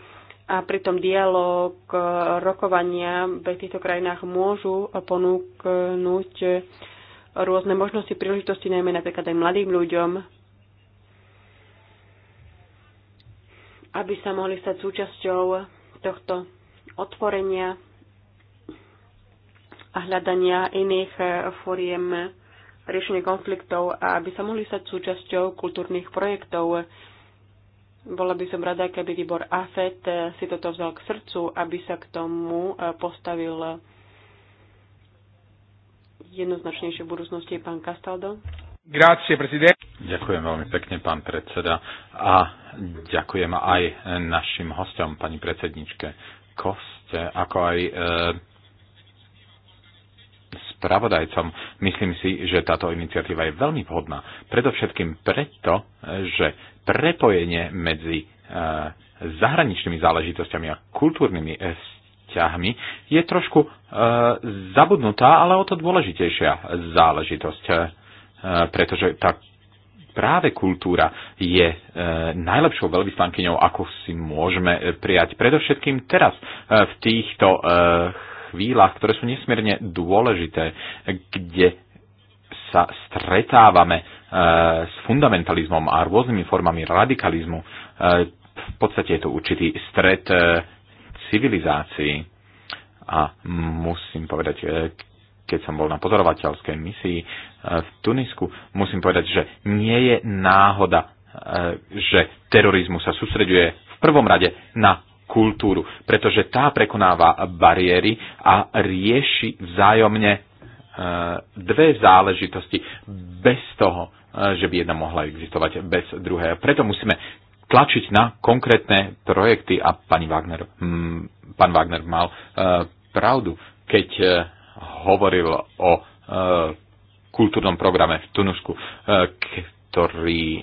a pritom dialog, e, rokovania v týchto krajinách môžu ponúknuť e, rôzne možnosti, príležitosti, najmä napríklad aj mladým ľuďom, aby sa mohli stať súčasťou tohto otvorenia a hľadania iných e, fóriem riešenia konfliktov a aby sa mohli stať súčasťou kultúrnych projektov. Bola by som rada, keby výbor AFET e, si toto vzal k srdcu, aby sa k tomu e, postavil jednoznačnejšie v budúcnosti pán Castaldo. Grazie, prezident. Ďakujem veľmi pekne, pán predseda. A ďakujem aj našim hostom, pani predsedničke Koste, ako aj e, spravodajcom. Myslím si, že táto iniciatíva je veľmi vhodná. Predovšetkým preto, že prepojenie medzi e, zahraničnými záležitosťami a kultúrnymi e, vzťahmi je trošku e, zabudnutá, ale o to dôležitejšia záležitosť, e, pretože tá práve kultúra je e, najlepšou veľvyslankyňou, ako si môžeme e, prijať. Predovšetkým teraz e, v týchto e, chvíľach, ktoré sú nesmierne dôležité, kde sa stretávame e, s fundamentalizmom a rôznymi formami radikalizmu. E, v podstate je to určitý stret e, civilizácií. A musím povedať, keď som bol na pozorovateľskej misii v Tunisku, musím povedať, že nie je náhoda, že terorizmus sa sústreďuje v prvom rade na kultúru, pretože tá prekonáva bariéry a rieši vzájomne e, dve záležitosti bez toho, e, že by jedna mohla existovať bez druhého. Preto musíme tlačiť na konkrétne projekty a pani Wagner, pán Wagner mal e, pravdu, keď hovoril o kultúrnom programe v Tunusku ktorý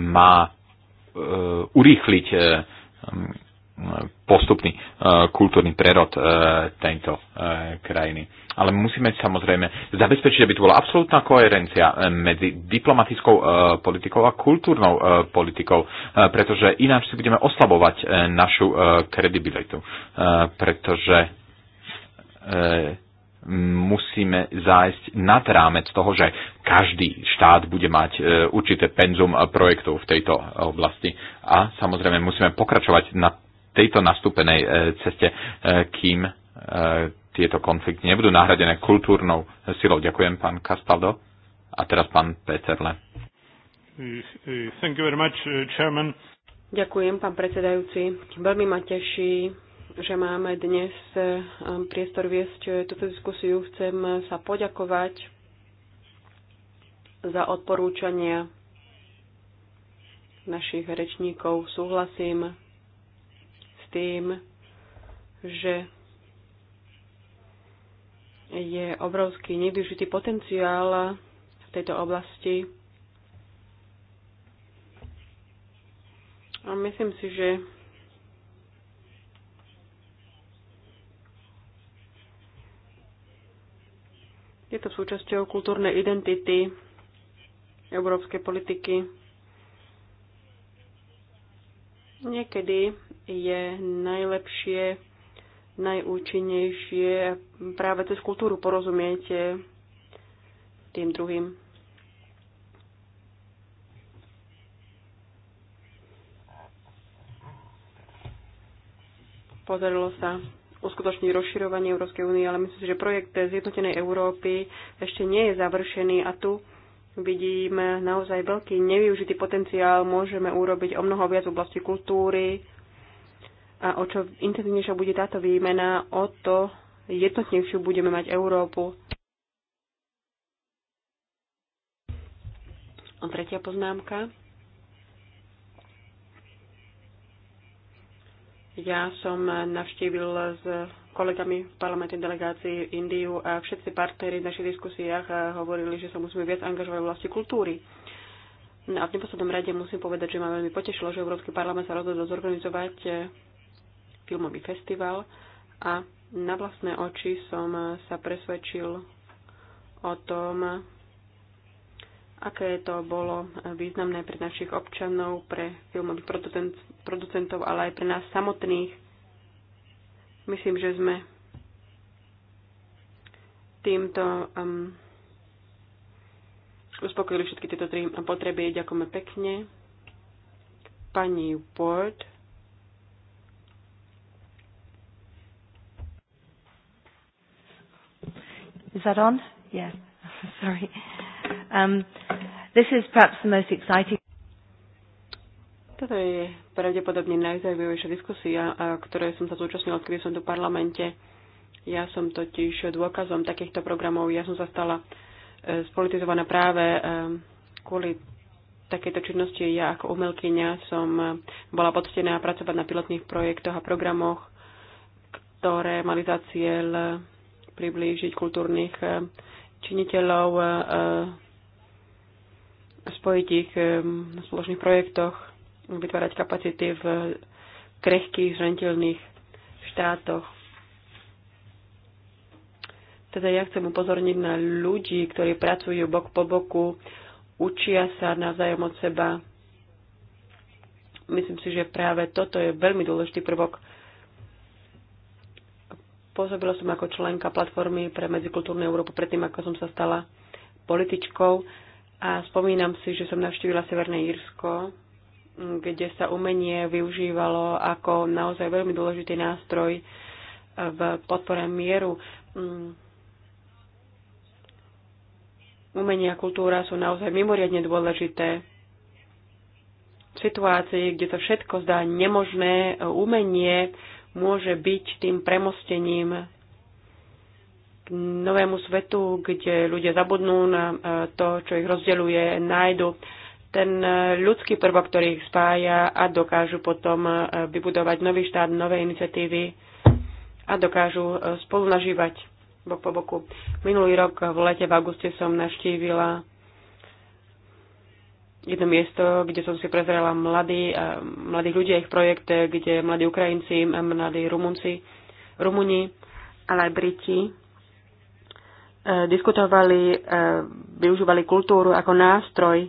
má urýchliť postupný e, kultúrny prerod e, tejto e, krajiny. Ale musíme samozrejme zabezpečiť, aby tu bola absolútna koherencia medzi diplomatickou politikou a kultúrnou politikou, pretože ináč si budeme oslabovať našu kredibilitu. Pretože musíme zájsť nad rámec toho, že každý štát bude mať určité penzum projektov v tejto oblasti. A samozrejme musíme pokračovať na tejto nastúpenej e, ceste, e, kým e, tieto konflikty nebudú nahradené kultúrnou silou. Ďakujem, pán Castaldo. A teraz pán Peterle. Much, Ďakujem, pán predsedajúci. Veľmi ma teší, že máme dnes priestor viesť túto diskusiu. Chcem sa poďakovať za odporúčania našich rečníkov. Súhlasím tým, že je obrovský nevyužitý potenciál v tejto oblasti. A myslím si, že je to súčasťou kultúrnej identity európskej politiky. Niekedy je najlepšie, najúčinnejšie práve cez kultúru porozumieť tým druhým. Podarilo sa uskutočniť rozširovanie Európskej únie, ale myslím si, že projekt Zjednotenej Európy ešte nie je završený a tu vidíme naozaj veľký nevyužitý potenciál. Môžeme urobiť o mnoho viac v oblasti kultúry, a o čo intenzívnejšia bude táto výmena, o to jednotnejšiu budeme mať Európu. A tretia poznámka. Ja som navštívil s kolegami v parlamentnej delegácii Indiu a všetci partnery v našich diskusiách eh, hovorili, že sa musíme viac angažovať v vlasti kultúry. No a v neposlednom rade musím povedať, že ma veľmi potešilo, že Európsky parlament sa rozhodol zorganizovať eh, filmový festival a na vlastné oči som sa presvedčil o tom, aké to bolo významné pre našich občanov, pre filmových producentov, ale aj pre nás samotných. Myslím, že sme týmto um, uspokojili všetky tieto tri potreby. Ďakujeme pekne. Pani Ward. Is that on? Yeah. Sorry. Um, this is perhaps the most exciting. Toto je pravdepodobne najzaujímavejšia diskusia, ktoré som sa zúčastnila, odkedy som tu v parlamente. Ja som totiž dôkazom takýchto programov. Ja som sa stala e, spolitizovaná práve e, kvôli takéto činnosti. Ja ako umelkyňa som e, bola poctená pracovať na pilotných projektoch a programoch, ktoré mali za cieľ priblížiť kultúrnych eh, činiteľov, eh, eh, spojiť ich na spoločných projektoch, vytvárať kapacity v krehkých, zraniteľných štátoch. Teda ja chcem upozorniť na ľudí, ktorí pracujú bok po boku, učia sa navzájom od seba. Myslím si, že práve toto je veľmi dôležitý prvok Pôsobila som ako členka platformy pre medzikultúrnu Európu predtým, ako som sa stala političkou a spomínam si, že som navštívila Severné Írsko, kde sa umenie využívalo ako naozaj veľmi dôležitý nástroj v podpore mieru. Mm. Umenie a kultúra sú naozaj mimoriadne dôležité. V situácii, kde sa všetko zdá nemožné, umenie môže byť tým premostením k novému svetu, kde ľudia zabudnú na e, to, čo ich rozdeľuje, nájdu ten e, ľudský prvok, ktorý ich spája a dokážu potom e, vybudovať nový štát, nové iniciatívy a dokážu spolu nažívať bok po boku. Minulý rok v lete v auguste som navštívila jedno miesto, kde som si prezrela mladí, mladých ľudí a ich projekte, kde mladí Ukrajinci, mladí Rumunci, Rumuni, ale aj Briti e, diskutovali, e, využívali kultúru ako nástroj,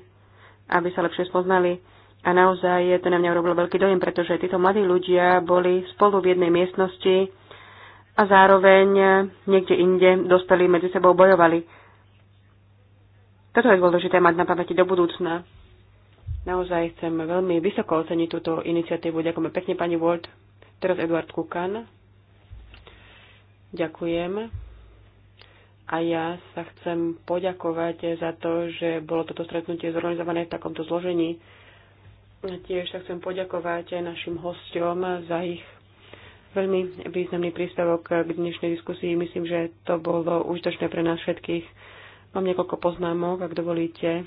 aby sa lepšie spoznali. A naozaj to na mňa urobilo veľký dojem, pretože títo mladí ľudia boli spolu v jednej miestnosti a zároveň niekde inde dospeli medzi sebou bojovali. Toto je dôležité mať na pamäti do budúcna. Naozaj chcem veľmi vysoko oceniť túto iniciatívu. Ďakujeme pekne, pani Ward. Teraz Eduard Kukan. Ďakujem. A ja sa chcem poďakovať za to, že bolo toto stretnutie zorganizované v takomto zložení. Tiež sa chcem poďakovať aj našim hostiom za ich veľmi významný príspevok k dnešnej diskusii. Myslím, že to bolo užitočné pre nás všetkých. Mám niekoľko poznámok, ak dovolíte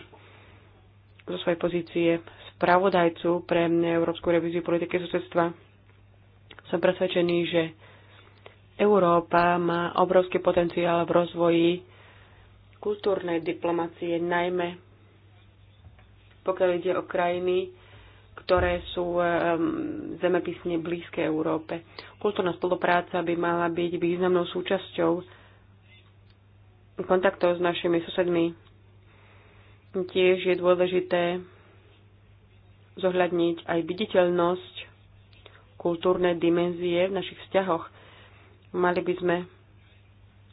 zo svojej pozície spravodajcu pre Európsku revíziu politiky susedstva. Som presvedčený, že Európa má obrovský potenciál v rozvoji kultúrnej diplomácie, najmä pokiaľ ide o krajiny, ktoré sú ehm, zemepisne blízke Európe. Kultúrna spolupráca by mala byť významnou súčasťou kontaktov s našimi susedmi Tiež je dôležité zohľadniť aj viditeľnosť kultúrne dimenzie v našich vzťahoch. Mali by sme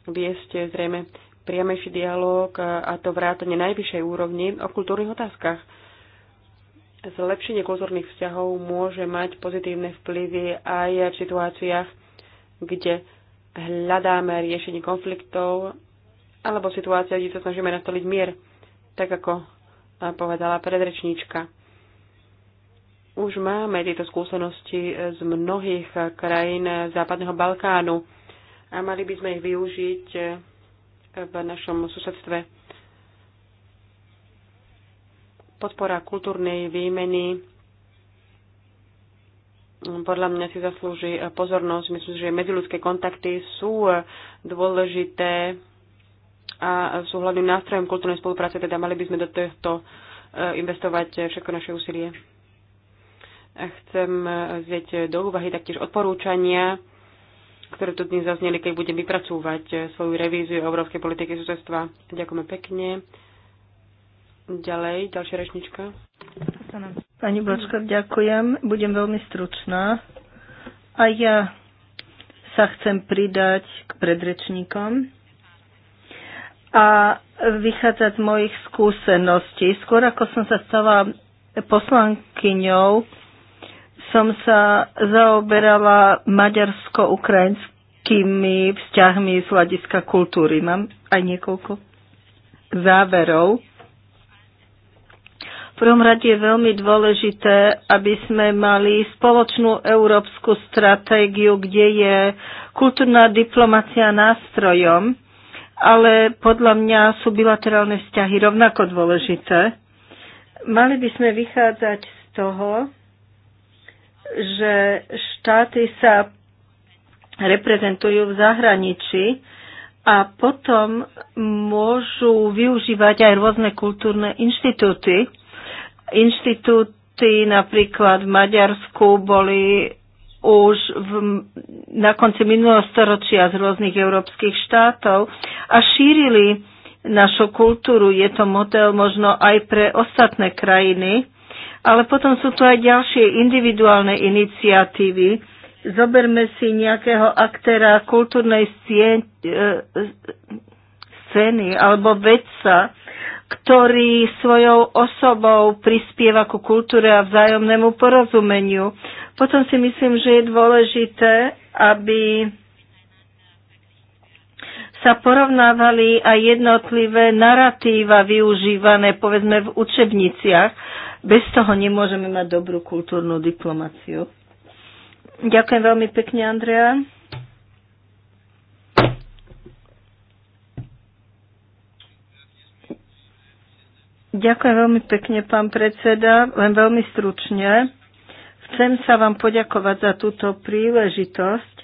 viesť zrejme priamejší dialog a to vrátane najvyššej úrovni o kultúrnych otázkach. Zlepšenie kultúrnych vzťahov môže mať pozitívne vplyvy aj v situáciách, kde hľadáme riešenie konfliktov alebo situácia, kde sa snažíme nastoliť mier tak ako eh, povedala predrečníčka. Už máme tieto skúsenosti eh, z mnohých eh, krajín Západného Balkánu a mali by sme ich využiť v našom susedstve. Podpora kultúrnej výmeny mm, podľa mňa si zaslúži pozornosť. Myslím, že medziludské kontakty sú dôležité a súhľadným nástrojom kultúrnej spolupráce, teda mali by sme do tohto e, investovať všetko naše úsilie. A chcem e, vzieť do úvahy taktiež odporúčania, ktoré tu dnes zazneli, keď budem vypracúvať e, svoju revíziu európskej politiky susedstva. Ďakujeme pekne. Ďalej, ďalšia rečnička. Pani Bločka, ďakujem. Budem veľmi stručná. A ja sa chcem pridať k predrečníkom a vychádzať z mojich skúseností. Skôr ako som sa stala poslankyňou, som sa zaoberala maďarsko-ukrajinskými vzťahmi z hľadiska kultúry. Mám aj niekoľko záverov. V prvom rade je veľmi dôležité, aby sme mali spoločnú európsku stratégiu, kde je kultúrna diplomacia nástrojom, ale podľa mňa sú bilaterálne vzťahy rovnako dôležité. Mali by sme vychádzať z toho, že štáty sa reprezentujú v zahraničí a potom môžu využívať aj rôzne kultúrne inštitúty. Inštitúty napríklad v Maďarsku boli už v, na konci minulého storočia z rôznych európskych štátov a šírili našu kultúru. Je to model možno aj pre ostatné krajiny, ale potom sú tu aj ďalšie individuálne iniciatívy. Zoberme si nejakého aktéra kultúrnej scén- e, scény alebo vedca, ktorý svojou osobou prispieva ku kultúre a vzájomnému porozumeniu. Potom si myslím, že je dôležité, aby sa porovnávali aj jednotlivé naratíva využívané, povedzme, v učebniciach. Bez toho nemôžeme mať dobrú kultúrnu diplomáciu. Ďakujem veľmi pekne, Andrea. Ďakujem veľmi pekne, pán predseda. Len veľmi stručne. Chcem sa vám poďakovať za túto príležitosť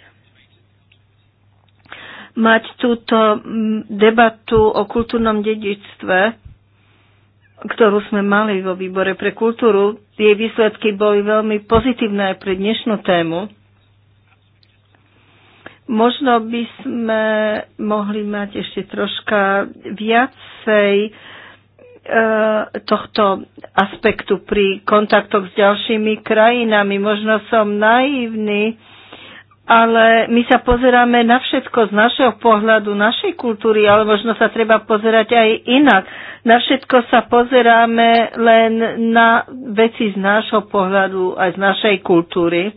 mať túto mm, debatu o kultúrnom dedičstve, ktorú sme mali vo výbore pre kultúru. Jej výsledky boli veľmi pozitívne aj pre dnešnú tému. Možno by sme mohli mať ešte troška viacej E, tohto aspektu pri kontaktoch s ďalšími krajinami. Možno som naivný, ale my sa pozeráme na všetko z našeho pohľadu, našej kultúry, ale možno sa treba pozerať aj inak. Na všetko sa pozeráme len na veci z nášho pohľadu aj z našej kultúry.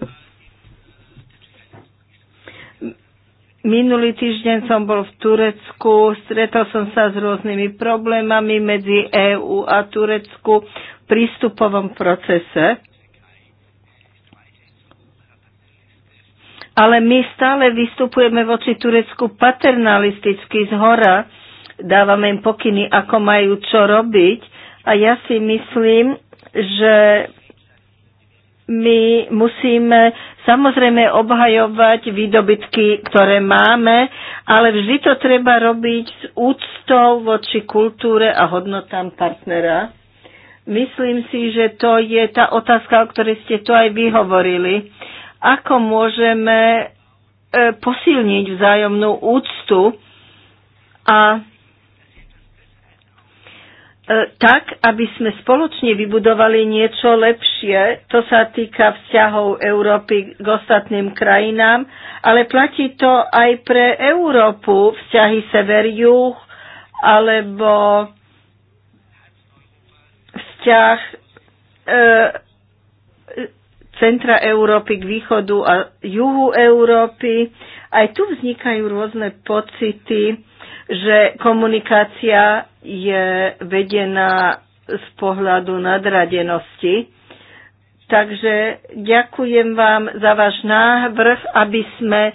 Minulý týždeň som bol v Turecku, stretol som sa s rôznymi problémami medzi EÚ a Turecku v prístupovom procese. Ale my stále vystupujeme voči Turecku paternalisticky z hora, dávame im pokyny, ako majú čo robiť. A ja si myslím, že my musíme samozrejme obhajovať výdobytky, ktoré máme, ale vždy to treba robiť s úctou voči kultúre a hodnotám partnera. Myslím si, že to je tá otázka, o ktorej ste tu aj vyhovorili. Ako môžeme e, posilniť vzájomnú úctu a E, tak, aby sme spoločne vybudovali niečo lepšie. To sa týka vzťahov Európy k ostatným krajinám, ale platí to aj pre Európu, vzťahy sever-juh alebo vzťah e, centra Európy k východu a juhu Európy. Aj tu vznikajú rôzne pocity že komunikácia je vedená z pohľadu nadradenosti. Takže ďakujem vám za váš návrh, aby sme e,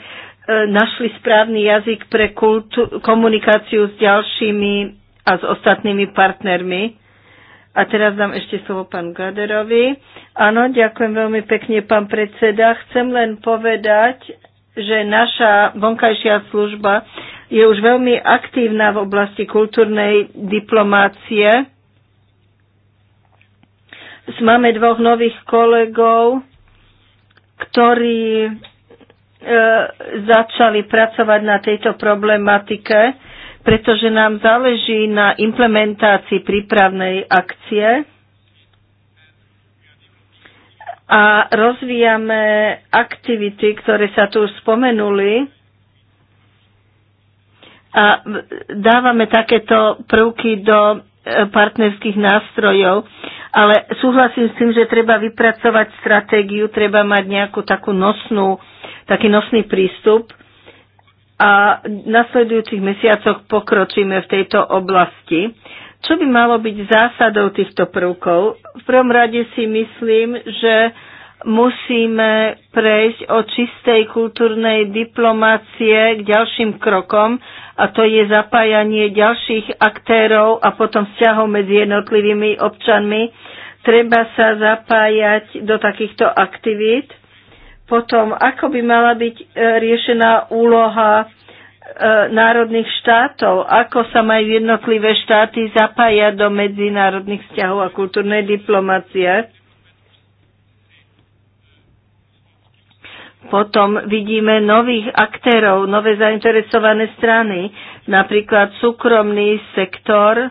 našli správny jazyk pre kultu- komunikáciu s ďalšími a s ostatnými partnermi. A teraz dám ešte slovo pán Gaderovi. Áno, ďakujem veľmi pekne, pán predseda. Chcem len povedať, že naša vonkajšia služba je už veľmi aktívna v oblasti kultúrnej diplomácie. Máme dvoch nových kolegov, ktorí e, začali pracovať na tejto problematike, pretože nám záleží na implementácii prípravnej akcie a rozvíjame aktivity, ktoré sa tu spomenuli a dávame takéto prvky do e, partnerských nástrojov, ale súhlasím s tým, že treba vypracovať stratégiu, treba mať nejakú takú nosnú, taký nosný prístup a v nasledujúcich mesiacoch pokročíme v tejto oblasti. Čo by malo byť zásadou týchto prvkov? V prvom rade si myslím, že musíme prejsť od čistej kultúrnej diplomácie k ďalším krokom a to je zapájanie ďalších aktérov a potom vzťahov medzi jednotlivými občanmi. Treba sa zapájať do takýchto aktivít. Potom, ako by mala byť e, riešená úloha e, národných štátov, ako sa majú jednotlivé štáty zapájať do medzinárodných vzťahov a kultúrnej diplomácie. Potom vidíme nových aktérov, nové zainteresované strany, napríklad súkromný sektor.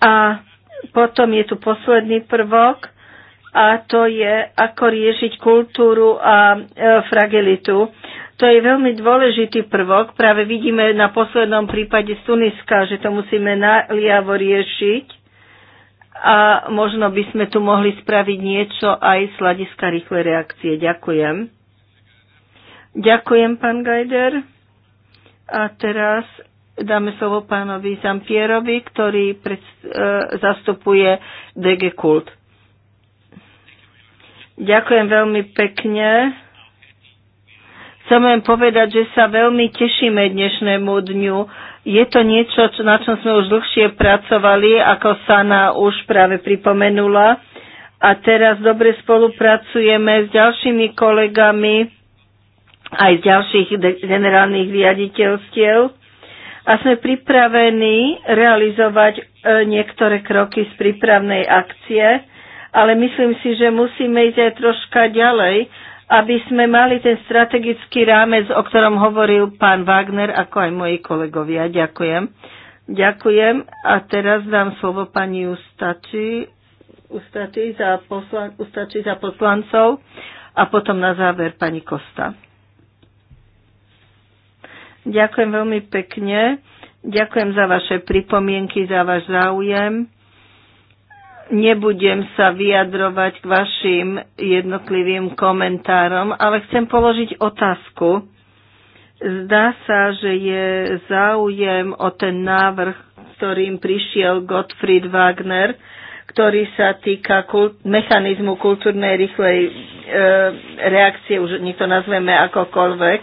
A potom je tu posledný prvok a to je, ako riešiť kultúru a e, fragilitu. To je veľmi dôležitý prvok. Práve vidíme na poslednom prípade z Tuniska, že to musíme naliavo riešiť a možno by sme tu mohli spraviť niečo aj z hľadiska rýchlej reakcie. Ďakujem. Ďakujem, pán Gajder. A teraz dáme slovo pánovi Zampierovi, ktorý pred, e, zastupuje DG Kult. Ďakujem veľmi pekne. Chcem len povedať, že sa veľmi tešíme dnešnému dňu je to niečo, čo, na čom sme už dlhšie pracovali, ako Sana už práve pripomenula. A teraz dobre spolupracujeme s ďalšími kolegami aj z ďalších generálnych riaditeľstiev a sme pripravení realizovať e, niektoré kroky z prípravnej akcie, ale myslím si, že musíme ísť aj troška ďalej, aby sme mali ten strategický rámec, o ktorom hovoril pán Wagner, ako aj moji kolegovia. Ďakujem. Ďakujem a teraz dám slovo pani Ustači, Ustači, za, poslan, Ustači za poslancov a potom na záver pani Kosta. Ďakujem veľmi pekne. Ďakujem za vaše pripomienky, za váš záujem. Nebudem sa vyjadrovať k vašim jednotlivým komentárom, ale chcem položiť otázku. Zdá sa, že je záujem o ten návrh, ktorým prišiel Gottfried Wagner, ktorý sa týka kult- mechanizmu kultúrnej rýchlej e, reakcie, už my to nazveme akokoľvek.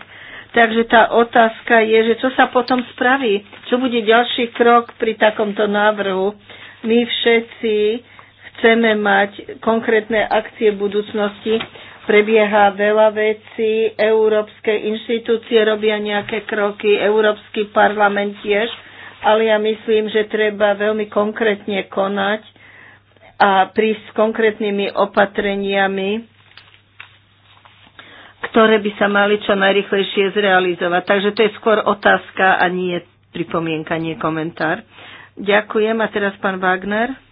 Takže tá otázka je, že čo sa potom spraví? Čo bude ďalší krok pri takomto návrhu? My všetci chceme mať konkrétne akcie v budúcnosti. Prebieha veľa vecí, európske inštitúcie robia nejaké kroky, Európsky parlament tiež, ale ja myslím, že treba veľmi konkrétne konať a prísť s konkrétnymi opatreniami, ktoré by sa mali čo najrychlejšie zrealizovať. Takže to je skôr otázka a nie pripomienka, nie komentár. Ďakujem. A teraz pán Wagner.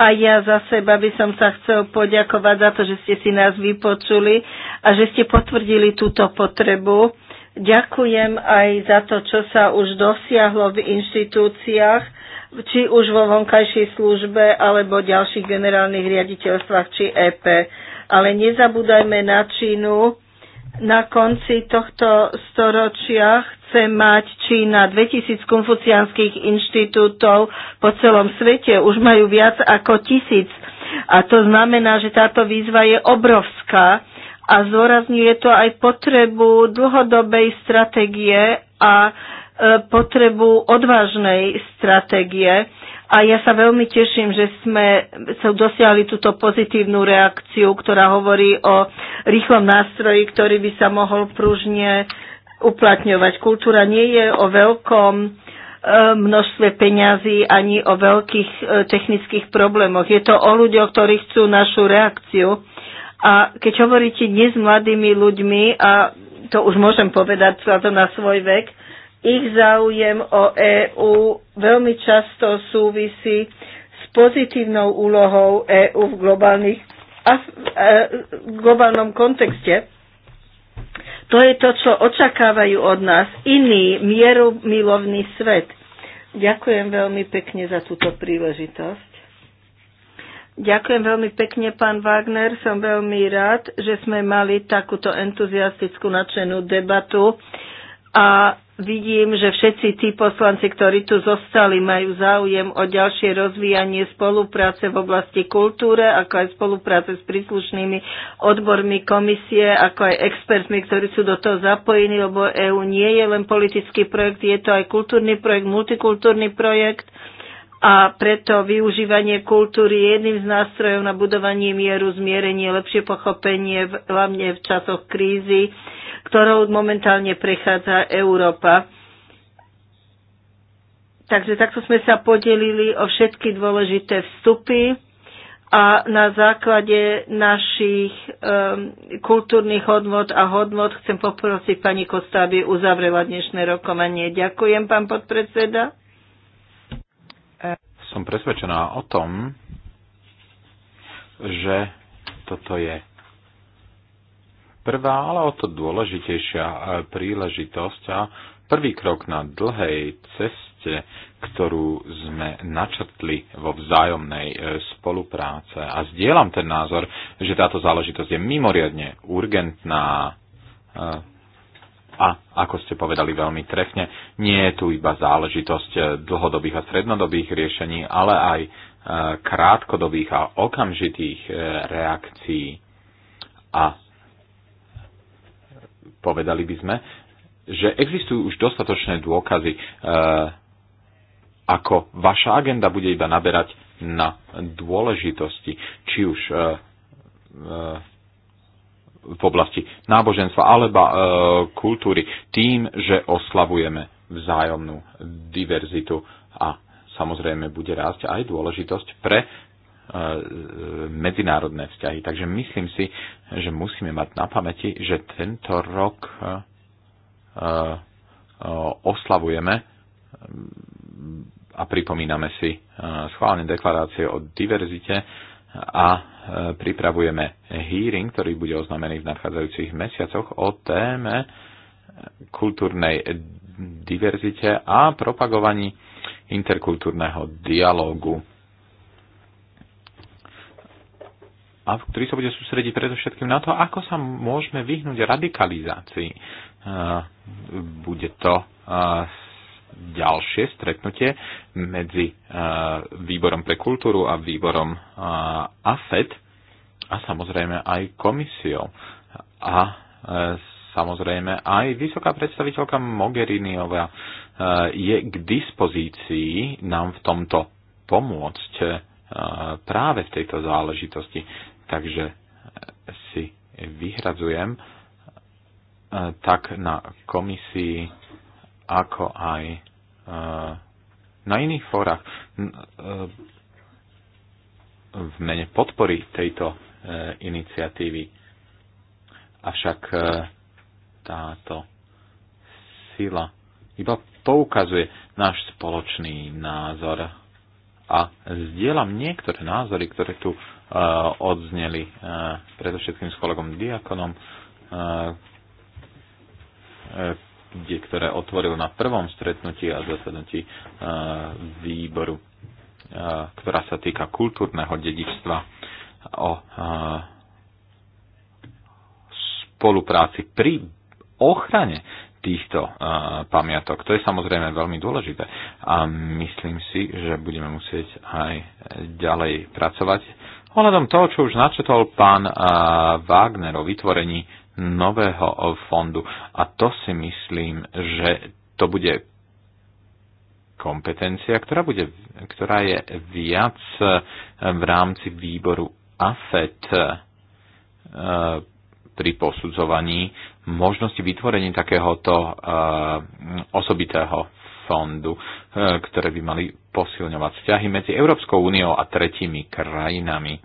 A ja za seba by som sa chcel poďakovať za to, že ste si nás vypočuli a že ste potvrdili túto potrebu. Ďakujem aj za to, čo sa už dosiahlo v inštitúciách, či už vo vonkajšej službe alebo ďalších generálnych riaditeľstvách či EP. Ale nezabúdajme na Čínu. Na konci tohto storočia chce mať Čína 2000 konfuciánskych inštitútov po celom svete. Už majú viac ako tisíc. A to znamená, že táto výzva je obrovská a zdôrazňuje to aj potrebu dlhodobej stratégie a e, potrebu odvážnej stratégie. A ja sa veľmi teším, že sme sa dosiahli túto pozitívnu reakciu, ktorá hovorí o rýchlom nástroji, ktorý by sa mohol pružne uplatňovať. Kultúra nie je o veľkom e, množstve peňazí ani o veľkých e, technických problémoch. Je to o ľuďoch, ktorí chcú našu reakciu. A keď hovoríte dnes s mladými ľuďmi, a to už môžem povedať to na svoj vek, ich záujem o EÚ veľmi často súvisí s pozitívnou úlohou EÚ v, globálnych, e, v globálnom kontexte to je to, čo očakávajú od nás iný mieru milovný svet. Ďakujem veľmi pekne za túto príležitosť. Ďakujem veľmi pekne, pán Wagner. Som veľmi rád, že sme mali takúto entuziastickú nadšenú debatu a vidím, že všetci tí poslanci, ktorí tu zostali, majú záujem o ďalšie rozvíjanie spolupráce v oblasti kultúre, ako aj spolupráce s príslušnými odbormi komisie, ako aj expertmi, ktorí sú do toho zapojení, lebo EÚ nie je len politický projekt, je to aj kultúrny projekt, multikultúrny projekt a preto využívanie kultúry je jedným z nástrojov na budovanie mieru, zmierenie, lepšie pochopenie, hlavne v časoch krízy ktorou momentálne prechádza Európa. Takže takto sme sa podelili o všetky dôležité vstupy a na základe našich um, kultúrnych hodnot a hodnot chcem poprosiť pani Kosta, aby uzavrela dnešné rokovanie. Ďakujem, pán podpredseda. Som presvedčená o tom, že toto je prvá, ale o to dôležitejšia e, príležitosť a prvý krok na dlhej ceste, ktorú sme načrtli vo vzájomnej e, spolupráce. A zdieľam ten názor, že táto záležitosť je mimoriadne urgentná e, a, ako ste povedali veľmi trefne, nie je tu iba záležitosť dlhodobých a strednodobých riešení, ale aj krátkodobých a okamžitých reakcií a povedali by sme, že existujú už dostatočné dôkazy, e, ako vaša agenda bude iba naberať na dôležitosti, či už e, e, v oblasti náboženstva alebo kultúry, tým, že oslavujeme vzájomnú diverzitu a samozrejme bude rásť aj dôležitosť pre E, e, medzinárodné vzťahy. Takže myslím si, že musíme mať na pamäti, že tento rok e, oslavujeme a pripomíname si schválne deklarácie o diverzite a pripravujeme hearing, ktorý bude oznamený v nadchádzajúcich mesiacoch o téme kultúrnej diverzite a propagovaní interkultúrneho dialógu a ktorý sa bude sústrediť predovšetkým na to, ako sa môžeme vyhnúť radikalizácii. Bude to ďalšie stretnutie medzi výborom pre kultúru a výborom AFED a samozrejme aj komisiou. A e, samozrejme aj vysoká predstaviteľka Mogheriniová e, je k dispozícii nám v tomto pomôcť e, práve v tejto záležitosti. Takže si vyhradzujem e, tak na komisii, ako aj e, na iných fórach e, v mene podpory tejto iniciatívy. Avšak táto sila iba poukazuje náš spoločný názor a zdieľam niektoré názory, ktoré tu e, odzneli e, predovšetkým s kolegom Diakonom, e, kde, ktoré otvoril na prvom stretnutí a zasadnutí výboru, ktorá sa týka kultúrneho dedičstva o spolupráci pri ochrane týchto pamiatok. To je samozrejme veľmi dôležité a myslím si, že budeme musieť aj ďalej pracovať. Ohľadom toho, čo už načetol pán Wagner o vytvorení nového fondu. A to si myslím, že to bude kompetencia, ktorá, bude, ktorá je viac v rámci výboru AFET pri posudzovaní možnosti vytvorenia takéhoto eh, osobitého fondu, eh, ktoré by mali posilňovať vzťahy medzi Európskou úniou a tretími krajinami.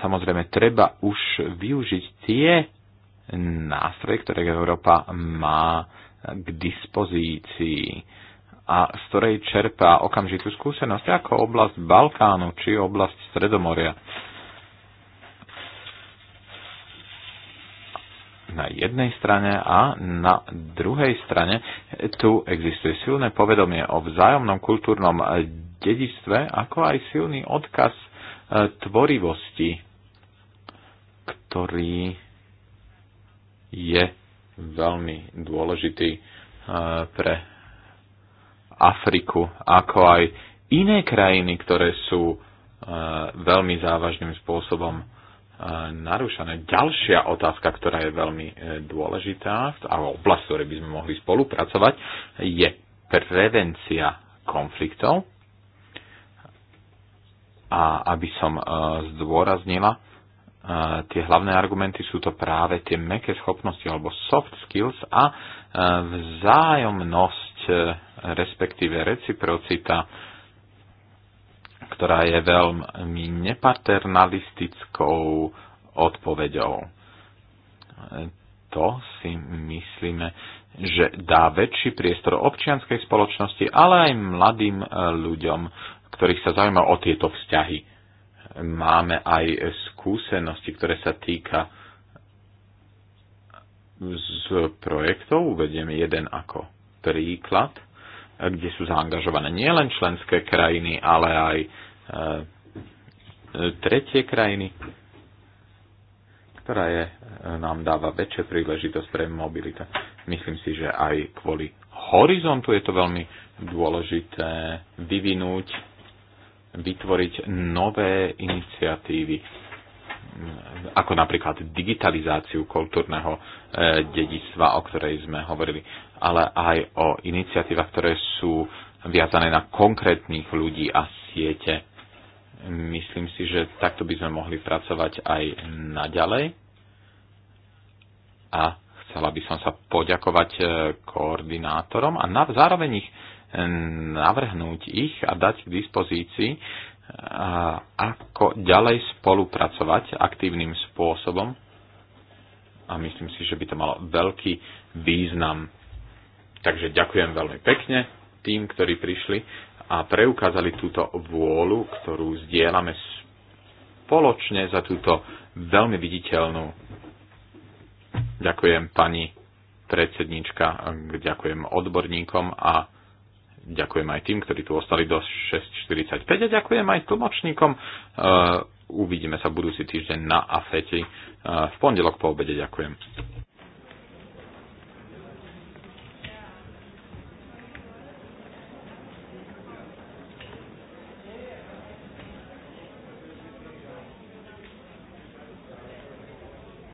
Samozrejme, treba už využiť tie nástroje, ktoré Európa má k dispozícii a z ktorej čerpá okamžitú skúsenosť ako oblasť Balkánu či oblasť Stredomoria na jednej strane a na druhej strane tu existuje silné povedomie o vzájomnom kultúrnom dedistve, ako aj silný odkaz e, tvorivosti, ktorý je veľmi dôležitý e, pre Afriku, ako aj iné krajiny, ktoré sú e, veľmi závažným spôsobom narušané Ďalšia otázka, ktorá je veľmi e, dôležitá a oblasť, ktorej by sme mohli spolupracovať, je prevencia konfliktov. A aby som e, zdôraznila, e, tie hlavné argumenty sú to práve tie meké schopnosti alebo soft skills a vzájomnosť, respektíve reciprocita ktorá je veľmi nepaternalistickou odpoveďou. To si myslíme, že dá väčší priestor občianskej spoločnosti, ale aj mladým e, ľuďom, ktorých sa zaujíma o tieto vzťahy. Máme aj skúsenosti, ktoré sa týka z projektov, uvediem jeden ako príklad, e, kde sú zaangažované nielen členské krajiny, ale aj E, tretie krajiny, ktorá je, e, nám dáva väčšie príležitosť pre mobilitu. Myslím si, že aj kvôli horizontu je to veľmi dôležité vyvinúť, vytvoriť nové iniciatívy ako napríklad digitalizáciu kultúrneho e, dedictva, o ktorej sme hovorili, ale aj o iniciatívach, ktoré sú viazané na konkrétnych ľudí a siete. Myslím si, že takto by sme mohli pracovať aj naďalej. A chcela by som sa poďakovať e, koordinátorom a zároveň ich e, navrhnúť ich a dať k dispozícii, e, ako ďalej spolupracovať aktívnym spôsobom. A myslím si, že by to malo veľký význam. Takže ďakujem veľmi pekne tým, ktorí prišli a preukázali túto vôľu, ktorú zdieľame spoločne za túto veľmi viditeľnú. Ďakujem pani predsednička, ďakujem odborníkom a ďakujem aj tým, ktorí tu ostali do 6.45 a ďakujem aj tlmočníkom. Uh, uvidíme sa budúci týždeň na AFETI uh, v pondelok po obede. Ďakujem.